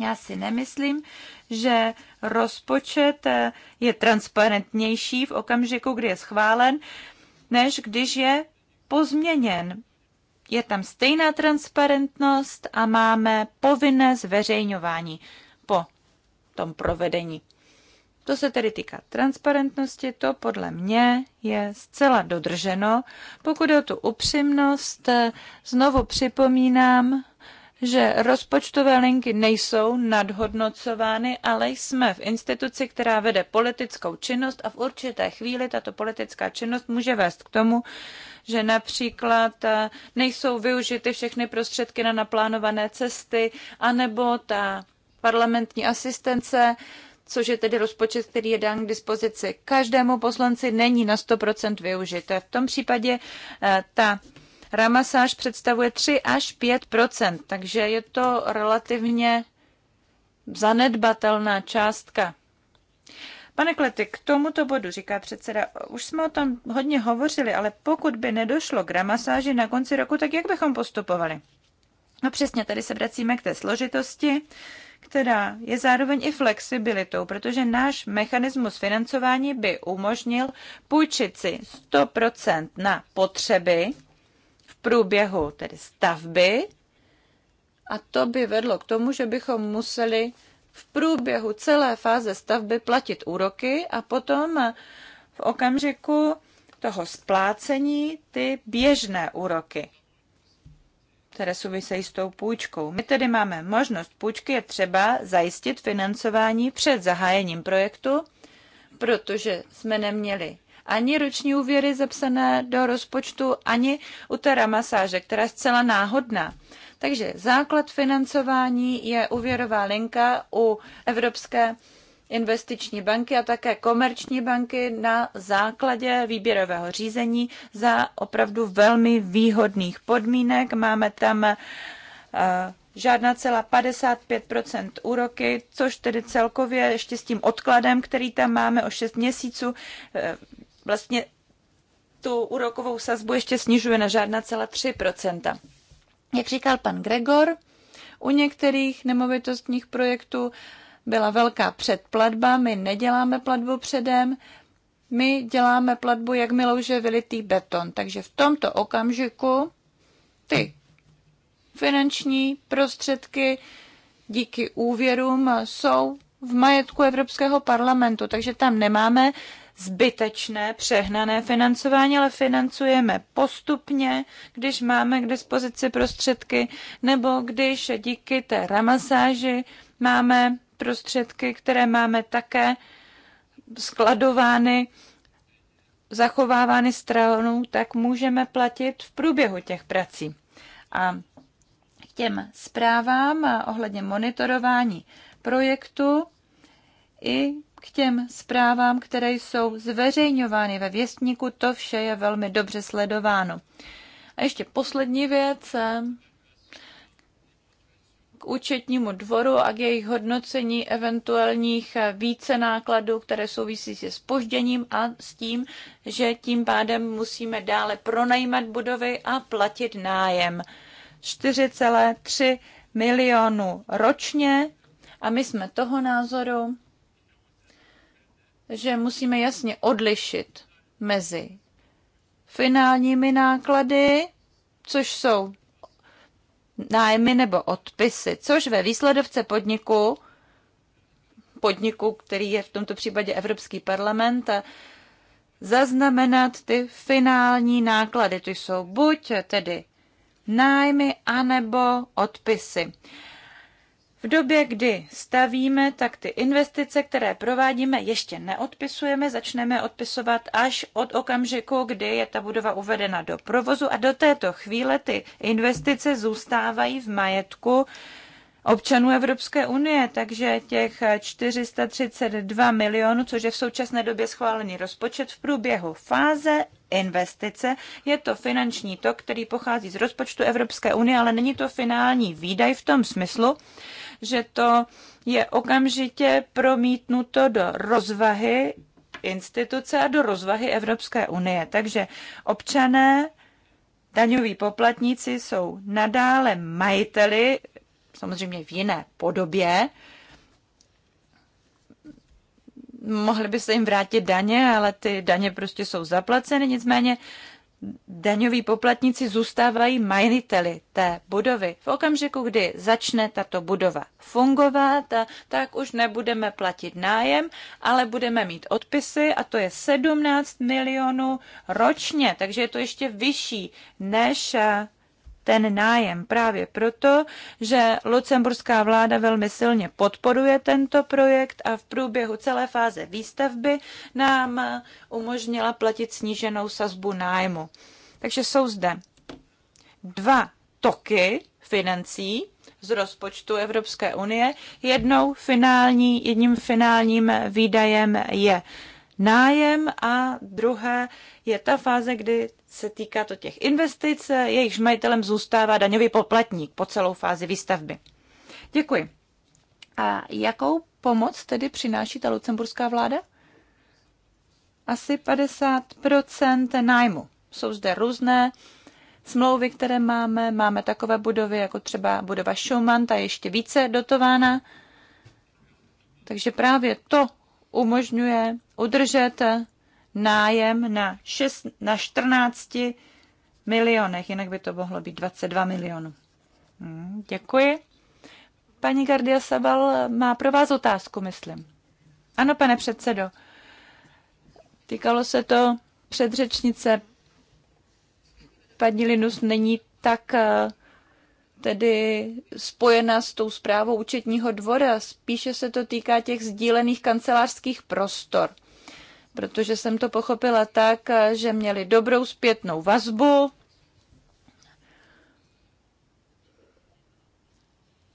Já si nemyslím, že rozpočet eh, je transparentnější v okamžiku, kdy je schválen, než když je pozměněn je tam stejná transparentnost a máme povinné zveřejňování po tom provedení. To se tedy týká transparentnosti, to podle mě je zcela dodrženo. Pokud je o tu upřímnost, znovu připomínám, že rozpočtové linky nejsou nadhodnocovány, ale jsme v instituci, která vede politickou činnost a v určité chvíli tato politická činnost může vést k tomu, že například eh, nejsou využity všechny prostředky na naplánované cesty, anebo ta parlamentní asistence, což je tedy rozpočet, který je dán k dispozici každému poslanci, není na 100% využité. V tom případě eh, ta ramasáž představuje 3 až 5 takže je to relativně zanedbatelná částka. Pane Klety, k tomuto bodu, říká předseda, už jsme o tom hodně hovořili, ale pokud by nedošlo k ramasáži na konci roku, tak jak bychom postupovali? No přesně, tady se vracíme k té složitosti, která je zároveň i flexibilitou, protože náš mechanismus financování by umožnil půjčit si 100% na potřeby v průběhu tedy stavby a to by vedlo k tomu, že bychom museli v průběhu celé fáze stavby platit úroky a potom v okamžiku toho splácení ty běžné úroky, které souvisejí s tou půjčkou. My tedy máme možnost půjčky, je třeba zajistit financování před zahájením projektu, protože jsme neměli ani roční úvěry zapsané do rozpočtu, ani u té ramasáže, která je zcela náhodná. Takže základ financování je úvěrová linka u Evropské investiční banky a také komerční banky na základě výběrového řízení za opravdu velmi výhodných podmínek. Máme tam eh, žádná celá 55 úroky, což tedy celkově ještě s tím odkladem, který tam máme o 6 měsíců, eh, vlastně tu úrokovou sazbu ještě snižuje na žádná celá 3 jak říkal pan Gregor, u některých nemovitostních projektů byla velká předplatba, my neděláme platbu předem, my děláme platbu, jak už je vylitý beton. Takže v tomto okamžiku ty finanční prostředky díky úvěrům jsou v majetku Evropského parlamentu, takže tam nemáme zbytečné, přehnané financování, ale financujeme postupně, když máme k dispozici prostředky, nebo když díky té ramasáži máme prostředky, které máme také skladovány, zachovávány stranou, tak můžeme platit v průběhu těch prací. A k těm zprávám ohledně monitorování projektu i k těm zprávám, které jsou zveřejňovány ve věstníku, to vše je velmi dobře sledováno. A ještě poslední věc eh, k účetnímu dvoru a k jejich hodnocení eventuálních eh, více nákladů, které souvisí se spožděním a s tím, že tím pádem musíme dále pronajímat budovy a platit nájem. 4,3 milionu ročně a my jsme toho názoru, že musíme jasně odlišit mezi finálními náklady, což jsou nájmy nebo odpisy, což ve výsledovce podniku, podniku, který je v tomto případě Evropský parlament, zaznamenat ty finální náklady. To jsou buď tedy nájmy anebo odpisy v době, kdy stavíme, tak ty investice, které provádíme, ještě neodpisujeme, začneme odpisovat až od okamžiku, kdy je ta budova uvedena do provozu a do této chvíle ty investice zůstávají v majetku občanů Evropské unie, takže těch 432 milionů, což je v současné době schválený rozpočet v průběhu fáze investice, je to finanční tok, který pochází z rozpočtu Evropské unie, ale není to finální výdaj v tom smyslu, že to je okamžitě promítnuto do rozvahy instituce a do rozvahy Evropské unie. Takže občané, daňoví poplatníci jsou nadále majiteli, samozřejmě v jiné podobě, mohly by se jim vrátit daně, ale ty daně prostě jsou zaplaceny, nicméně daňoví poplatníci zůstávají majiteli té budovy. V okamžiku, kdy začne tato budova fungovat, tak už nebudeme platit nájem, ale budeme mít odpisy a to je 17 milionů ročně, takže je to ještě vyšší než eh, ten nájem právě proto, že lucemburská vláda velmi silně podporuje tento projekt a v průběhu celé fáze výstavby nám umožnila platit sníženou sazbu nájmu. Takže jsou zde dva toky financí z rozpočtu Evropské unie. Jednou finální, jedním finálním výdajem je nájem a druhé je ta fáze, kdy se týká to těch investic, jejichž majitelem zůstává daňový poplatník po celou fázi výstavby. Děkuji. A jakou pomoc tedy přináší ta lucemburská vláda? Asi 50% nájmu. Jsou zde různé smlouvy, které máme. Máme takové budovy, jako třeba budova Schumann, ta je ještě více dotována. Takže právě to umožňuje udržet nájem na, 6, na 14 milionech, jinak by to mohlo být 22 milionů. Hmm, děkuji. Paní Gardia Sabal má pro vás otázku, myslím. Ano, pane předsedo. Týkalo se to předřečnice. Paní Linus není tak eh, tedy spojena s tou zprávou účetního dvora. Spíše se to týká těch sdílených kancelářských prostor, protože jsem to pochopila tak, že měli dobrou zpětnou vazbu.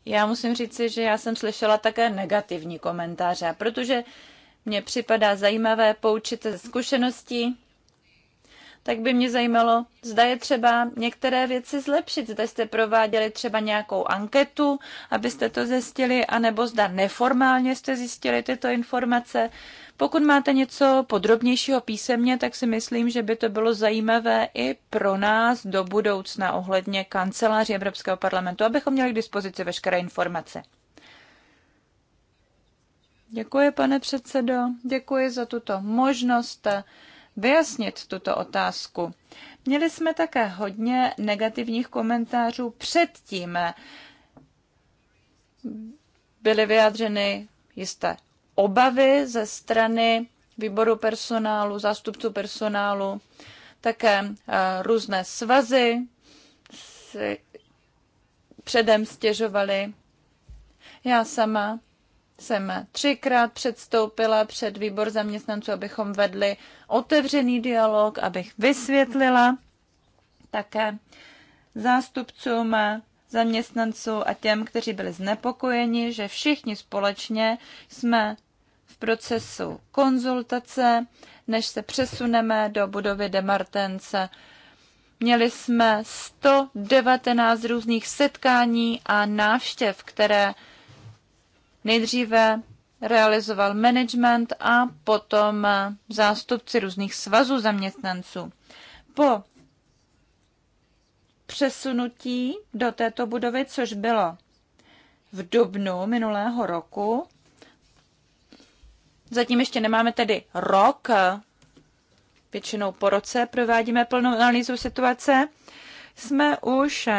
Já musím říci, že já jsem slyšela také negativní komentáře, protože mně připadá zajímavé poučit ze zkušeností tak by mě zajímalo, zda je třeba některé věci zlepšit, zda jste prováděli třeba nějakou anketu, abyste to zjistili, anebo zda neformálně jste zjistili tyto informace. Pokud máte něco podrobnějšího písemně, tak si myslím, že by to bylo zajímavé i pro nás do budoucna ohledně kanceláři Evropského parlamentu, abychom měli k dispozici veškeré informace. Děkuji, pane předsedo, děkuji za tuto možnost vyjasnit tuto otázku. Měli jsme také hodně negativních komentářů předtím. Byly vyjádřeny jisté obavy ze strany výboru personálu, zástupců personálu, také eh, různé svazy si předem stěžovaly. Já sama jsem třikrát předstoupila před výbor zaměstnanců, abychom vedli otevřený dialog, abych vysvětlila také zástupcům zaměstnanců a těm, kteří byli znepokojeni, že všichni společně jsme v procesu konzultace, než se přesuneme do budovy Demartence. Měli jsme 119 různých setkání a návštěv, které nejdříve realizoval management a potom zástupci různých svazů zaměstnanců. Po přesunutí do této budovy, což bylo v dubnu minulého roku, zatím ještě nemáme tedy rok, většinou po roce provádíme plnou analýzu situace, jsme už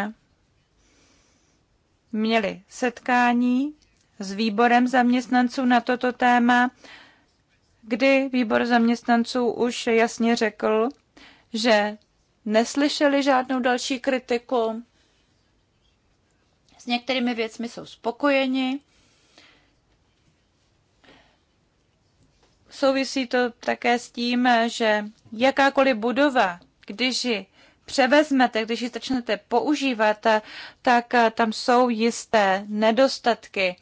měli setkání s výborem zaměstnanců na toto téma, kdy výbor zaměstnanců už jasně řekl, že neslyšeli žádnou další kritiku, s některými věcmi jsou spokojeni, Souvisí to také s tím, že jakákoliv budova, když ji převezmete, když ji začnete používat, tak tam jsou jisté nedostatky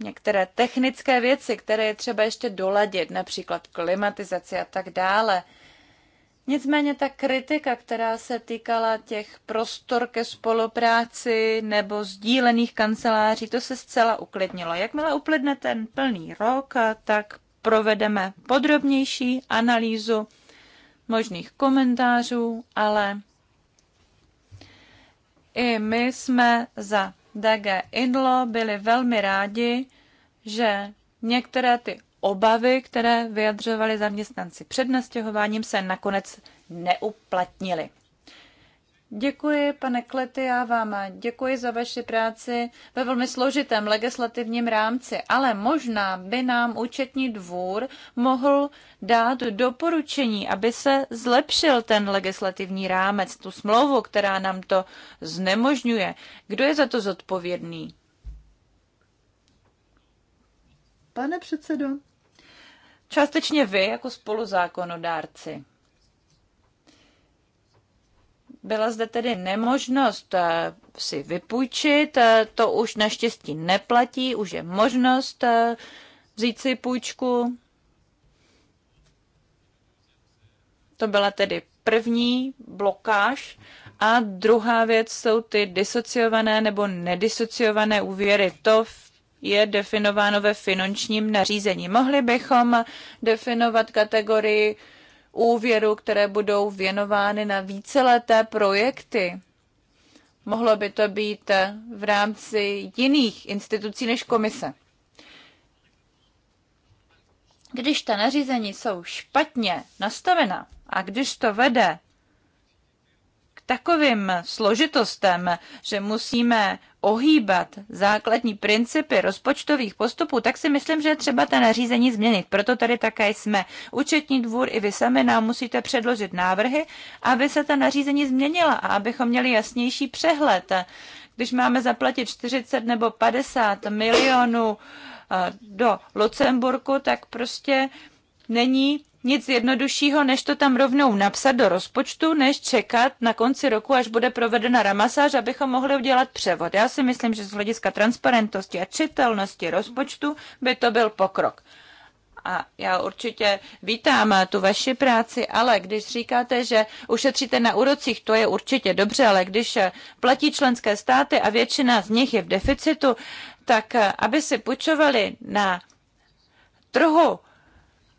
některé technické věci, které je třeba ještě doladit, například klimatizaci a tak dále. Nicméně ta kritika, která se týkala těch prostor ke spolupráci nebo sdílených kanceláří, to se zcela uklidnilo. Jakmile uplidne ten plný rok, tak provedeme podrobnější analýzu možných komentářů, ale i my jsme za DG Inlo byli velmi rádi, že některé ty obavy, které vyjadřovali zaměstnanci před nastěhováním, se nakonec neuplatnily. Děkuji, pane Klety, já vám děkuji za vaši práci ve velmi složitém legislativním rámci, ale možná by nám účetní dvůr mohl dát doporučení, aby se zlepšil ten legislativní rámec, tu smlouvu, která nám to znemožňuje. Kdo je za to zodpovědný? Pane předsedo. Částečně vy jako spoluzákonodárci. Byla zde tedy nemožnost eh, si vypůjčit, eh, to už naštěstí neplatí, už je možnost eh, vzít si půjčku. To byla tedy první blokáž. A druhá věc jsou ty disociované nebo nedisociované úvěry. To je definováno ve finančním nařízení. Mohli bychom definovat kategorii úvěrů, které budou věnovány na víceleté projekty. Mohlo by to být v rámci jiných institucí než komise. Když ta nařízení jsou špatně nastavena a když to vede takovým složitostem, že musíme ohýbat základní principy rozpočtových postupů, tak si myslím, že je třeba ta nařízení změnit. Proto tady také jsme. Účetní dvůr i vy sami nám musíte předložit návrhy, aby se ta nařízení změnila a abychom měli jasnější přehled. Když máme zaplatit 40 nebo 50 milionů eh, do Lucemburku, tak prostě není nic jednoduššího, než to tam rovnou napsat do rozpočtu, než čekat na konci roku, až bude provedena ramasáž, abychom mohli udělat převod. Já si myslím, že z hlediska transparentnosti a čitelnosti rozpočtu by to byl pokrok. A já určitě vítám tu vaši práci, ale když říkáte, že ušetříte na úrocích, to je určitě dobře, ale když platí členské státy a většina z nich je v deficitu, tak aby si půjčovali na trhu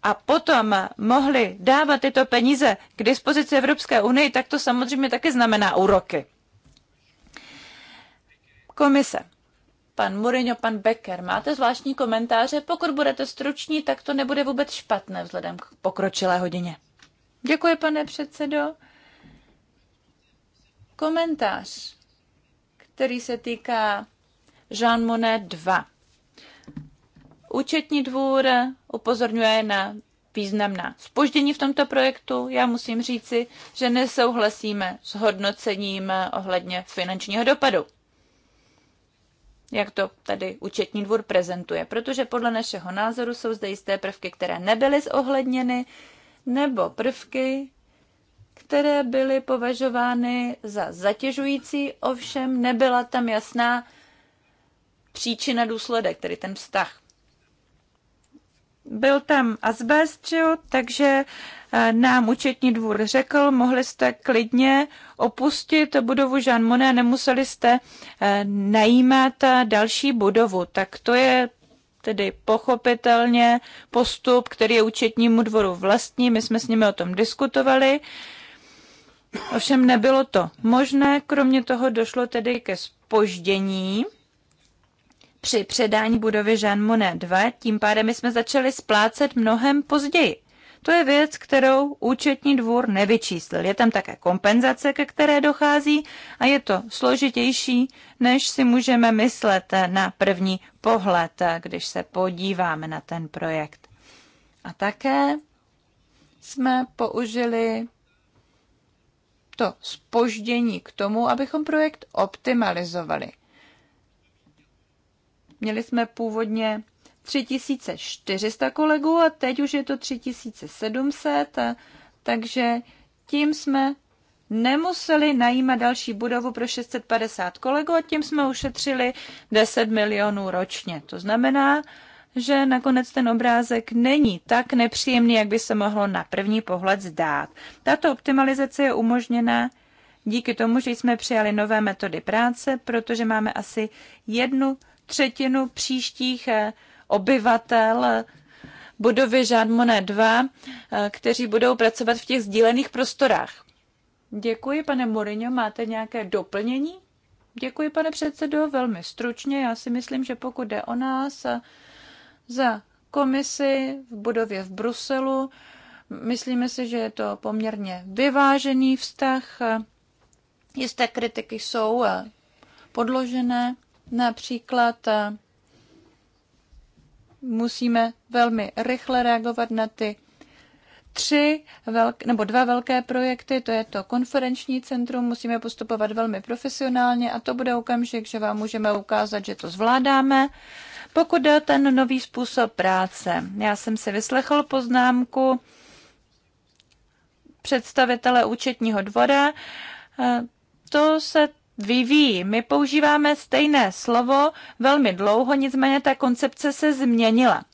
a potom mohli dávat tyto peníze k dispozici Evropské unii, tak to samozřejmě také znamená úroky. Komise. Pan Mourinho, pan Becker, máte zvláštní komentáře? Pokud budete struční, tak to nebude vůbec špatné vzhledem k pokročilé hodině. Děkuji, pane předsedo. Komentář, který se týká Jean Monnet 2. Účetní dvůr upozorňuje na významná spoždění v tomto projektu. Já musím říci, že nesouhlasíme s hodnocením ohledně finančního dopadu. Jak to tady účetní dvůr prezentuje, protože podle našeho názoru jsou zde jisté prvky, které nebyly zohledněny, nebo prvky, které byly považovány za zatěžující, ovšem nebyla tam jasná příčina důsledek, tedy ten vztah byl tam azbest, že jo, takže eh, nám účetní dvůr řekl, mohli jste klidně opustit budovu Jean Monnet a nemuseli jste eh, najímat eh, další budovu. Tak to je tedy pochopitelně postup, který je účetnímu dvoru vlastní. My jsme s nimi o tom diskutovali. Ovšem nebylo to možné, kromě toho došlo tedy ke spoždění při předání budovy Jean Monnet 2, tím pádem jsme začali splácet mnohem později. To je věc, kterou účetní dvůr nevyčíslil. Je tam také kompenzace, ke které dochází a je to složitější, než si můžeme myslet na první pohled, když se podíváme na ten projekt. A také jsme použili to spoždění k tomu, abychom projekt optimalizovali. Měli jsme původně 3400 kolegů a teď už je to 3700, takže tím jsme nemuseli najímat další budovu pro 650 kolegů a tím jsme ušetřili 10 milionů ročně. To znamená, že nakonec ten obrázek není tak nepříjemný, jak by se mohlo na první pohled zdát. Tato optimalizace je umožněna díky tomu, že jsme přijali nové metody práce, protože máme asi jednu třetinu příštích eh, obyvatel eh, budovy Jean Monnet 2, eh, kteří budou pracovat v těch sdílených prostorách. Děkuji, pane Mourinho. Máte nějaké doplnění? Děkuji, pane předsedo, velmi stručně. Já si myslím, že pokud jde o nás za komisi v budově v Bruselu, myslíme si, že je to poměrně vyvážený vztah. Jisté kritiky jsou podložené, Například eh, musíme velmi rychle reagovat na ty tři velk, nebo dva velké projekty, to je to konferenční centrum, musíme postupovat velmi profesionálně a to bude okamžik, že vám můžeme ukázat, že to zvládáme. Pokud je ten nový způsob práce, já jsem si vyslechl poznámku představitele účetního dvora, eh, to se vyvíjí. My používáme stejné slovo velmi dlouho, nicméně ta koncepce se změnila.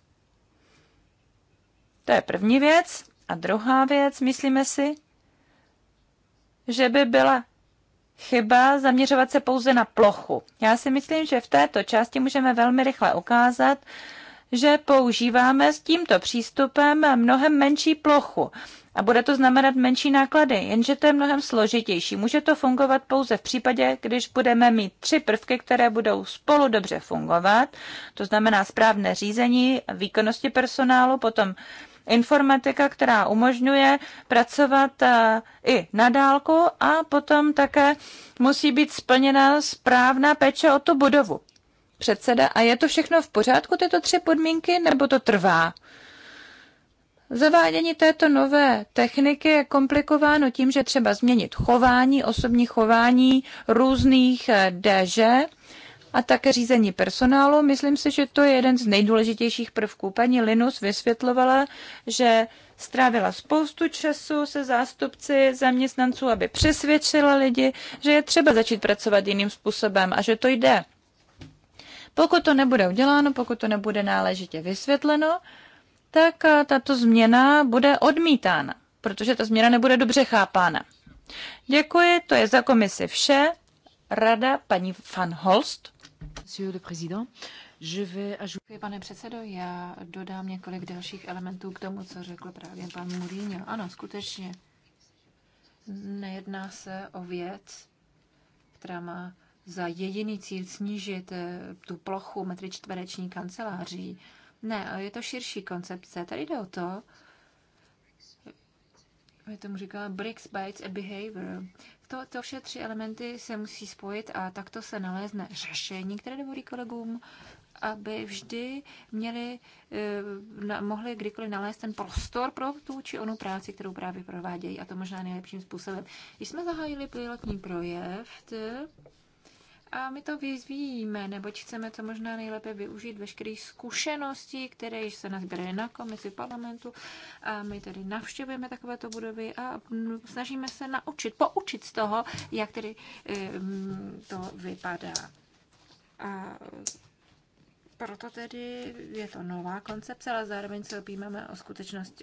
To je první věc. A druhá věc, myslíme si, že by byla chyba zaměřovat se pouze na plochu. Já si myslím, že v této části můžeme velmi rychle ukázat, že používáme s tímto přístupem mnohem menší plochu a bude to znamenat menší náklady, jenže to je mnohem složitější. Může to fungovat pouze v případě, když budeme mít tři prvky, které budou spolu dobře fungovat, to znamená správné řízení výkonnosti personálu, potom informatika, která umožňuje pracovat eh, i na dálku a potom také musí být splněna správná péče o tu budovu. Předseda, a je to všechno v pořádku, tyto tři podmínky, nebo to trvá? Zavádění této nové techniky je komplikováno tím, že třeba změnit chování, osobní chování různých eh, DŽ a také řízení personálu. Myslím si, že to je jeden z nejdůležitějších prvků. Paní Linus vysvětlovala, že strávila spoustu času se zástupci zaměstnanců, aby přesvědčila lidi, že je třeba začít pracovat jiným způsobem a že to jde. Pokud to nebude uděláno, pokud to nebude náležitě vysvětleno, tak tato změna bude odmítána, protože ta změna nebude dobře chápána. Děkuji, to je za komisi vše. Rada paní Van Holst. Monsieur le président, Děkuji, pane předsedo. Já dodám několik dalších elementů k tomu, co řekl právě pan Mourinho. Ano, skutečně. Nejedná se o věc, která má za jediný cíl snížit eh, tu plochu metry čtvereční kanceláří. Ne, ale je to širší koncepce. Tady jde o to, my tomu říkáme bricks, bytes a behavior. To, to vše tři elementy se musí spojit a takto se nalézne řešení, které dovolí kolegům, aby vždy měli, eh, na, mohli kdykoliv nalézt ten prostor pro tu či onu práci, kterou právě provádějí a to možná nejlepším způsobem. Když jsme zahájili pilotní projekt, a my to vyzvíme, neboť chceme co možná nejlépe využít veškerých zkušeností, které již se nazbírají na komisi parlamentu. A my tedy navštěvujeme takovéto budovy a snažíme se naučit, poučit z toho, jak tedy to vypadá. A proto tedy je to nová koncepce, ale zároveň se opímáme o,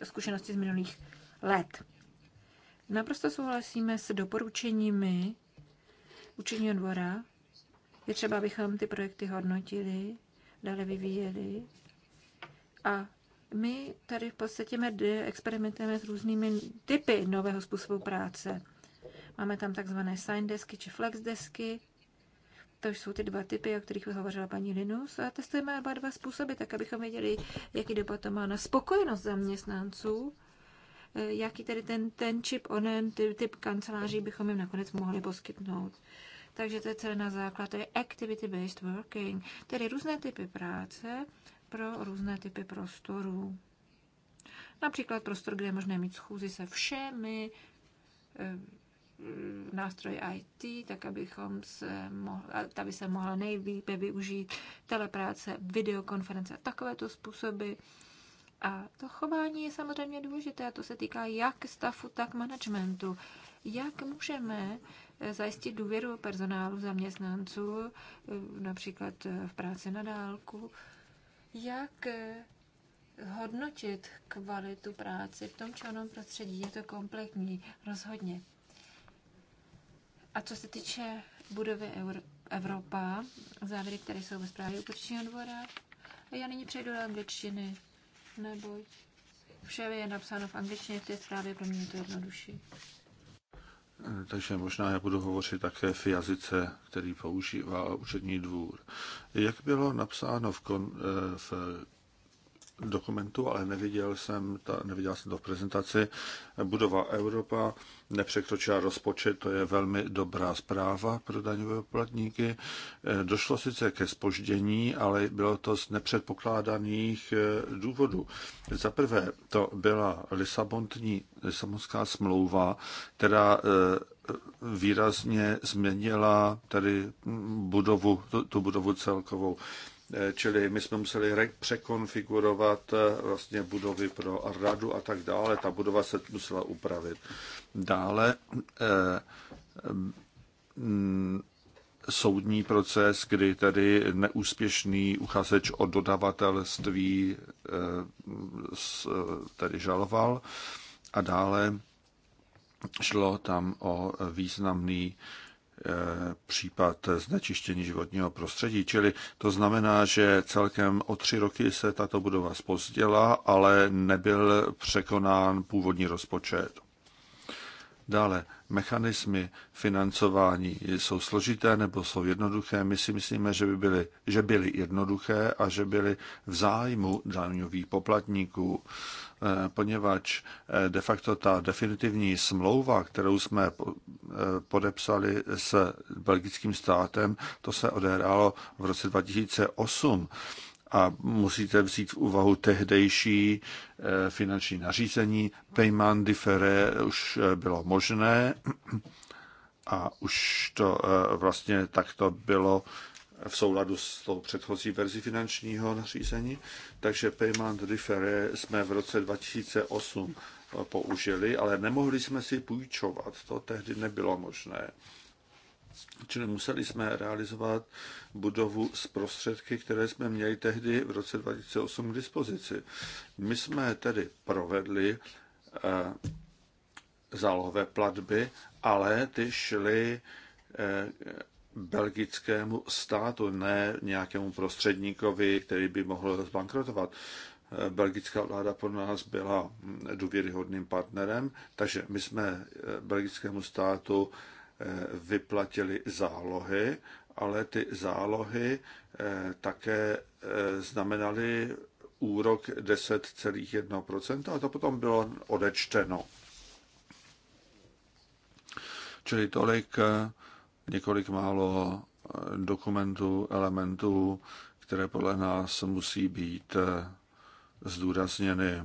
o zkušenosti z minulých let. Naprosto souhlasíme s doporučeními učení dvora je třeba, abychom ty projekty hodnotili, dále vyvíjeli. A my tady v podstatě experimentujeme s různými typy nového způsobu práce. Máme tam takzvané sign desky či flex desky. To jsou ty dva typy, o kterých hovořila paní Linus. A testujeme oba dva způsoby, tak abychom věděli, jaký dopad to má na spokojenost zaměstnanců, e, jaký tedy ten, ten čip, onen typ, typ kanceláří bychom jim nakonec mohli poskytnout. Takže to je celé na základ activity-based working, tedy různé typy práce pro různé typy prostorů. Například prostor, kde je možné mít schůzi se všemi eh, nástroj IT, tak abychom se mohli, aby se mohla nejvíce využít telepráce, videokonference, takovéto způsoby. A to chování je samozřejmě důležité, a to se týká jak stafu, tak managementu. Jak můžeme zajistit důvěru personálu, zaměstnanců, eh, například eh, v práci na dálku, jak eh, hodnotit kvalitu práce v tom či onom prostředí. Je to kompletní, rozhodně. A co se týče budovy Evropa, závěry, které jsou ve zprávě Uprčního dvora, já nyní přejdu do angličtiny, neboť vše je napsáno v angličtině, v té zprávě pro mě je to jednodušší takže možná já budu hovořit také v jazyce, který používá učední dvůr. Jak bylo napsáno v, kon, eh, v dokumentu, ale neviděl jsem, ta, neviděl jsem to v prezentaci. Budova Evropa nepřekročila rozpočet, to je velmi dobrá zpráva pro daňové poplatníky. Eh, došlo sice ke spoždění, ale bylo to z nepředpokládaných eh, důvodů. Za prvé, to byla Lisabontní, Lisabonská smlouva, která eh, výrazně změnila tedy budovu, tu, tu budovu celkovou. Eh, čili my jsme museli překonfigurovat eh, vlastně budovy pro radu a tak dále. Ta budova se musela upravit. Dále eh, mm, soudní proces, kdy tedy neúspěšný uchazeč o dodavatelství tedy žaloval a dále šlo tam o významný případ znečištění životního prostředí. Čili to znamená, že celkem o tři roky se tato budova spozděla, ale nebyl překonán původní rozpočet. Dále, mechanismy financování jsou složité nebo jsou jednoduché. My si myslíme, že, by byly, že byly jednoduché a že byly v zájmu daňových poplatníků. Eh, poněvadž eh, de facto ta definitivní smlouva, kterou jsme eh, podepsali s belgickým státem, to se odehrálo v roce 2008 a musíte vzít v úvahu tehdejší finanční nařízení. Payment differe už bylo možné a už to vlastně takto bylo v souladu s tou předchozí verzi finančního nařízení. Takže payment referé jsme v roce 2008 použili, ale nemohli jsme si půjčovat. To tehdy nebylo možné. Čili museli jsme realizovat budovu z prostředky, které jsme měli tehdy v roce 2008 k dispozici. My jsme tedy provedli eh, zálohové platby, ale ty šly eh, belgickému státu, ne nějakému prostředníkovi, který by mohl zbankrotovat. Belgická vláda pro nás byla důvěryhodným partnerem, takže my jsme belgickému státu eh, vyplatili zálohy, ale ty zálohy eh, také eh, znamenaly úrok 10,1% a to potom bylo odečteno. Čili tolik několik málo eh, dokumentů, elementů, které podle nás musí být eh, zdůrazněny.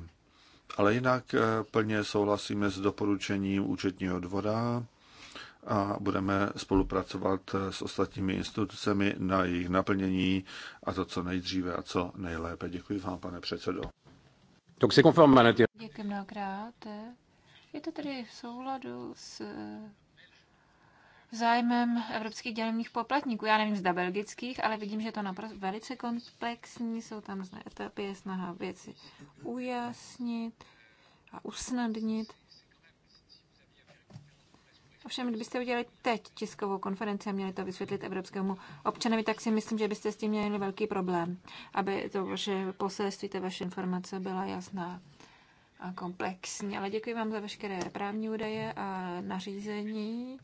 Ale jinak eh, plně souhlasíme s doporučením účetního dvora a budeme spolupracovat s ostatními institucemi na jejich naplnění a to co nejdříve a co nejlépe. Děkuji vám, pane předsedo. Děkuji mnohokrát. Je to tedy v souladu s zájmem evropských dělených poplatníků. Já nevím, zda belgických, ale vidím, že to naprosto velice komplexní, jsou tam různé etapy, je snaha věci ujasnit a usnadnit. Ovšem, kdybyste udělali teď tiskovou konferenci a měli to vysvětlit evropskému občanovi, tak si myslím, že byste s tím měli velký problém, aby to vaše poselství, ta vaše informace byla jasná a komplexní. Ale děkuji vám za veškeré právní údaje a nařízení.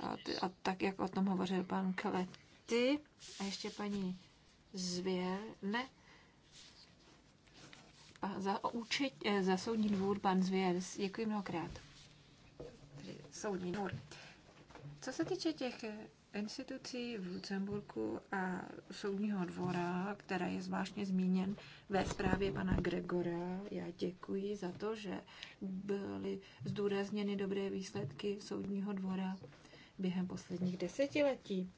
A, ty, a tak, jak o tom hovořil pan Kalety a ještě paní Zvěr, ne, a za, účet, eh, za soudní dvůr pan Zvěr, děkuji mnohokrát. Tedy soudní dvůr. Co se týče těch eh, institucí v Lucemburku a soudního dvora, které je zvláštně zmíněn ve zprávě pana Gregora. Já děkuji za to, že byly zdůrazněny dobré výsledky soudního dvora během posledních desetiletí.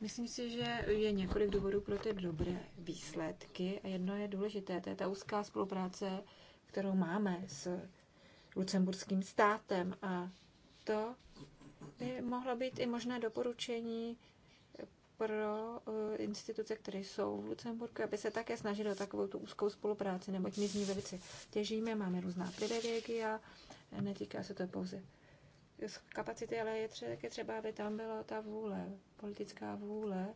Myslím si, že je několik důvodů pro ty dobré výsledky a jedno je důležité, to je ta úzká spolupráce, kterou máme s lucemburským státem a to by mohlo být i možné doporučení pro eh, instituce, které jsou v Lucemburku, aby se také snažili o takovou tu úzkou spolupráci, neboť my z ní velice těžíme, máme různá privilegia, netýká se to pouze kapacity, ale je tře- třeba, aby tam byla ta vůle, politická vůle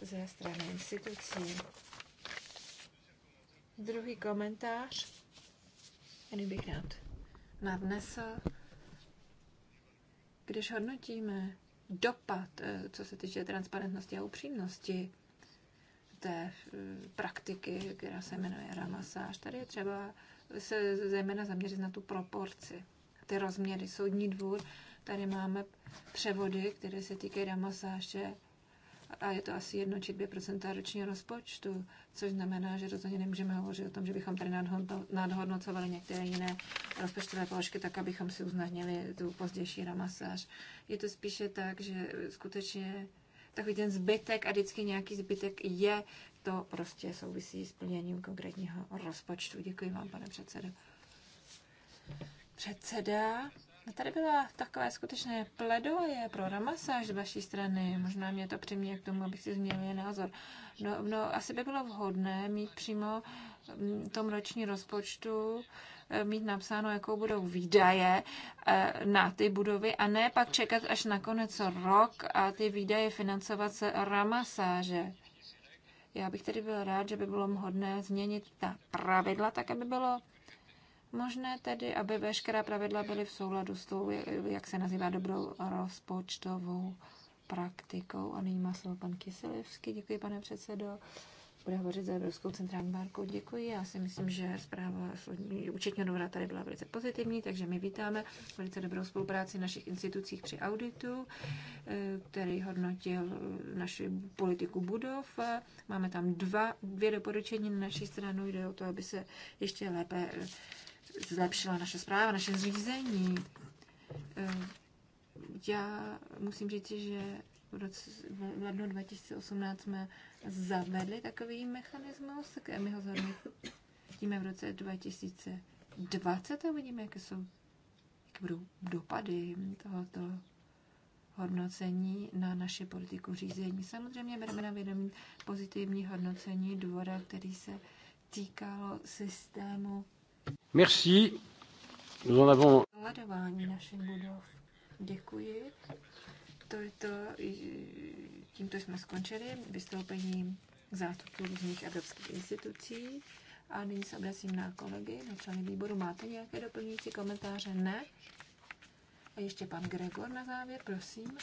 ze strany institucí. Druhý komentář, který bych rád nadnesl. Když hodnotíme dopad, eh, co se týče transparentnosti a upřímnosti té eh, praktiky, která se jmenuje ramasáž, tady je třeba se zejména zaměřit na tu proporci ty rozměry. Soudní dvůr, tady máme převody, které se týkají damasáže a je to asi 1 či 2 ročního rozpočtu, což znamená, že rozhodně nemůžeme hovořit o tom, že bychom tady nadhodnocovali některé jiné rozpočtové položky, tak abychom si uznahnili tu pozdější ramasáž. Je to spíše tak, že skutečně takový ten zbytek a vždycky nějaký zbytek je, to prostě souvisí s plněním konkrétního rozpočtu. Děkuji vám, pane předsedo předseda. Tady byla takové skutečné pledoje pro ramasáž z vaší strany. Možná mě to přiměje k tomu, abych si změnil názor. No, no, asi by bylo vhodné mít přímo mm, v tom roční rozpočtu eh, mít napsáno, jakou budou výdaje eh, na ty budovy a ne pak čekat až na konec rok a ty výdaje financovat se ramasáže. Já bych tedy byl rád, že by bylo vhodné změnit ta pravidla tak, aby bylo možné tedy, aby veškerá pravidla byly v souladu s tou, jak se nazývá, dobrou rozpočtovou praktikou. A nyní má slovo pan Kyselivský. Děkuji, pane předsedo. Bude hovořit za Evropskou centrální banku. Děkuji. Já si myslím, že zpráva účetního dvora tady byla velice pozitivní, takže my vítáme velice dobrou spolupráci našich institucích při auditu, eh, který hodnotil naši politiku budov. Máme tam dva, dvě doporučení na naší stranu. Jde o to, aby se ještě lépe zlepšila naše zpráva, naše zřízení. Eh, já musím říct, že v, roce, lednu 2018 jsme zavedli takový mechanismus, tak my ho zhodnotíme v roce 2020 a uvidíme, jaké jsou jaké budou dopady tohoto hodnocení na naši politiku řízení. Samozřejmě bereme na vědomí pozitivní hodnocení dvora, který se týkalo systému Merci. Nous en avons... Děkuji. To je to, tímto jsme skončili zástupců různých evropských institucí. A nyní se obracím na kolegy, na členy výboru. Máte nějaké doplňující komentáře? Ne? A ještě pan Gregor na závěr, prosím.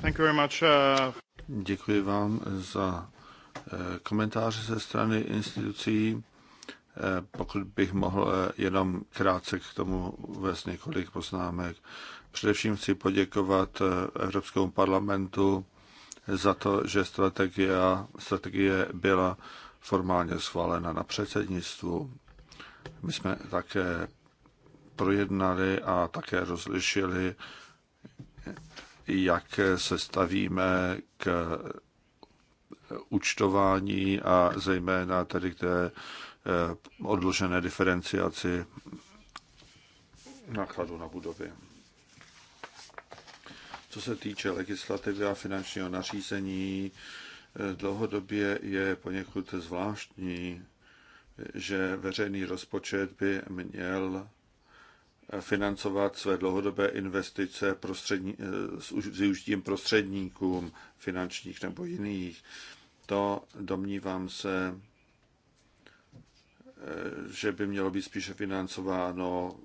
Thank you very much. Uh, Děkuji vám za eh, komentáře ze strany institucí. Pokud bych mohl eh, jenom krátce k tomu vést několik poznámek. Především chci poděkovat eh, Evropskému parlamentu za to, že strategie, strategie byla formálně schválena na předsednictvu. My jsme také projednali a také rozlišili, jak se stavíme k účtování a zejména tedy k té Eh, odložené diferenciaci nákladu na budovy. Co se týče legislativy a finančního nařízení, eh, dlouhodobě je poněkud zvláštní, že veřejný rozpočet by měl financovat své dlouhodobé investice prostřední, eh, s využitím prostředníkům finančních nebo jiných. To, domnívám se, že by mělo být spíše financováno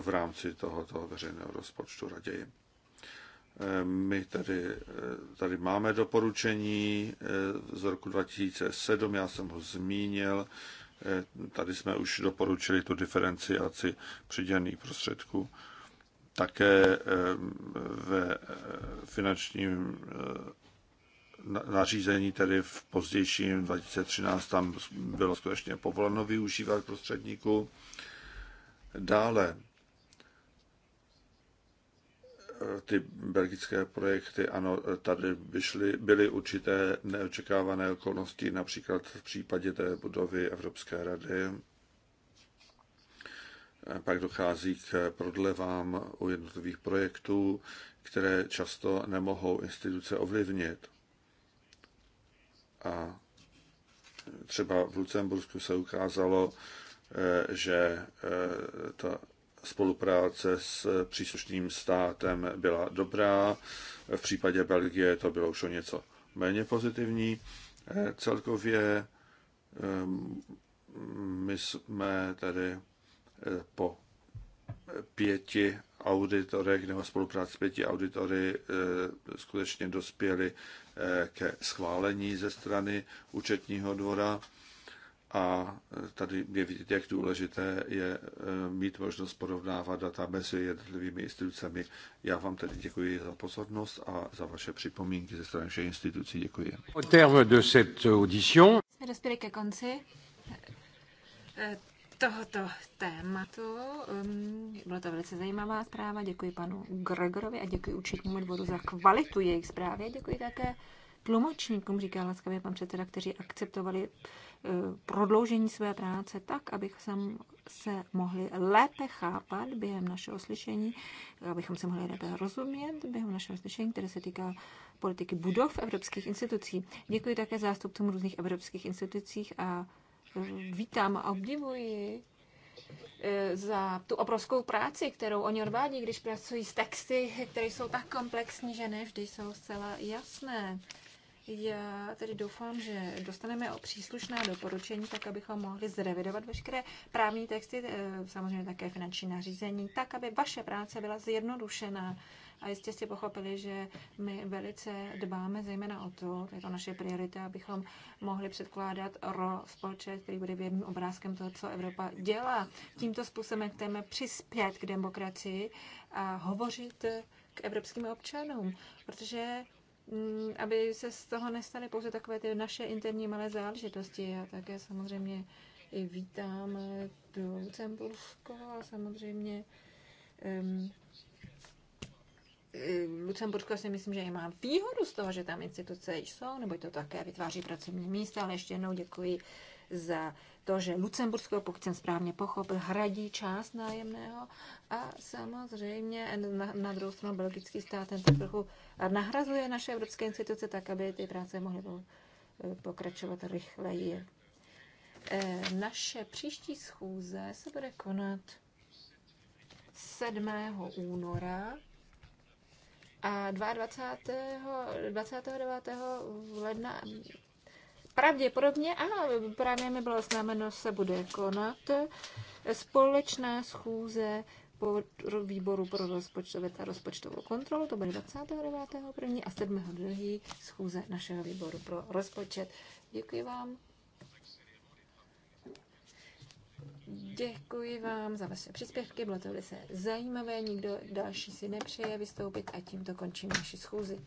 v rámci tohoto veřejného rozpočtu raději. My tady, tady máme doporučení eh, z roku 2007, já jsem ho zmínil. Eh, tady jsme už doporučili tu diferenciaci přidělených prostředků. Také eh, ve finančním nařízení, tedy v pozdějším 2013, tam bylo skutečně povoleno využívat prostředníků. Dále eh, ty belgické projekty, ano, eh, tady vyšly, byly určité neočekávané okolnosti, například v případě té budovy Evropské rady. Eh, pak dochází k prodlevám u jednotlivých projektů, které často nemohou instituce ovlivnit. A třeba v Lucembursku se ukázalo, e, že e, ta spolupráce s příslušným státem byla dobrá. V případě Belgie to bylo už o něco méně pozitivní. E, celkově my jsme tedy po pěti auditorech nebo spolupráci s pěti auditory eh, skutečně dospěli eh, ke schválení ze strany účetního dvora. A eh, tady je vidět, jak důležité je mít možnost porovnávat data mezi jednotlivými institucemi. Já vám tedy děkuji za pozornost a za vaše připomínky ze strany všech institucí. Děkuji. Jsme dospěli ke konci tohoto tématu. Um, byla to velice zajímavá zpráva. Děkuji panu Gregorovi a děkuji účetnímu dvoru za kvalitu jejich zprávy. Děkuji také tlumočníkům, říká laskavě pan předseda, kteří akceptovali eh, prodloužení své práce tak, abychom se mohli lépe chápat během našeho slyšení, abychom se mohli lépe rozumět během našeho slyšení, které se týká politiky budov evropských institucí. Děkuji také zástupcům různých evropských institucích a vítám a obdivuji e, za tu obrovskou práci, kterou oni odvádí, když pracují s texty, které jsou tak komplexní, že ne vždy jsou zcela jasné. Já tedy doufám, že dostaneme o příslušná doporučení, tak abychom mohli zrevidovat veškeré právní texty, e, samozřejmě také finanční nařízení, tak, aby vaše práce byla zjednodušená a jistě si pochopili, že my velice dbáme zejména o to, to je to naše priorita, abychom mohli předkládat rozpočet, který bude jedním obrázkem toho, co Evropa dělá. Tímto způsobem chceme přispět k demokracii a hovořit k evropským občanům, protože mm, aby se z toho nestaly pouze takové ty naše interní malé záležitosti. Já také samozřejmě i vítám do Lucembursko a samozřejmě um, Eh, Lucembursko si myslím, že má výhodu z toho, že tam instituce jsou, nebo to také vytváří pracovní místa, ale ještě jednou děkuji za to, že Lucembursko, pokud jsem správně pochopil, hradí část nájemného a samozřejmě na, na druhou stranu belgický stát ten trochu nahrazuje naše evropské instituce tak, aby ty práce mohly eh, pokračovat rychleji. Eh, naše příští schůze se bude konat 7. února a 22. 29. ledna pravděpodobně, ano, právě mi bylo znameno, se bude konat společná schůze po výboru pro rozpočtové a rozpočtovou kontrolu, to bude první a druhý schůze našeho výboru pro rozpočet. Děkuji vám Děkuji vám za vaše příspěvky, bylo to velice zajímavé, nikdo další si nepřeje vystoupit a tímto končím naši schůzi.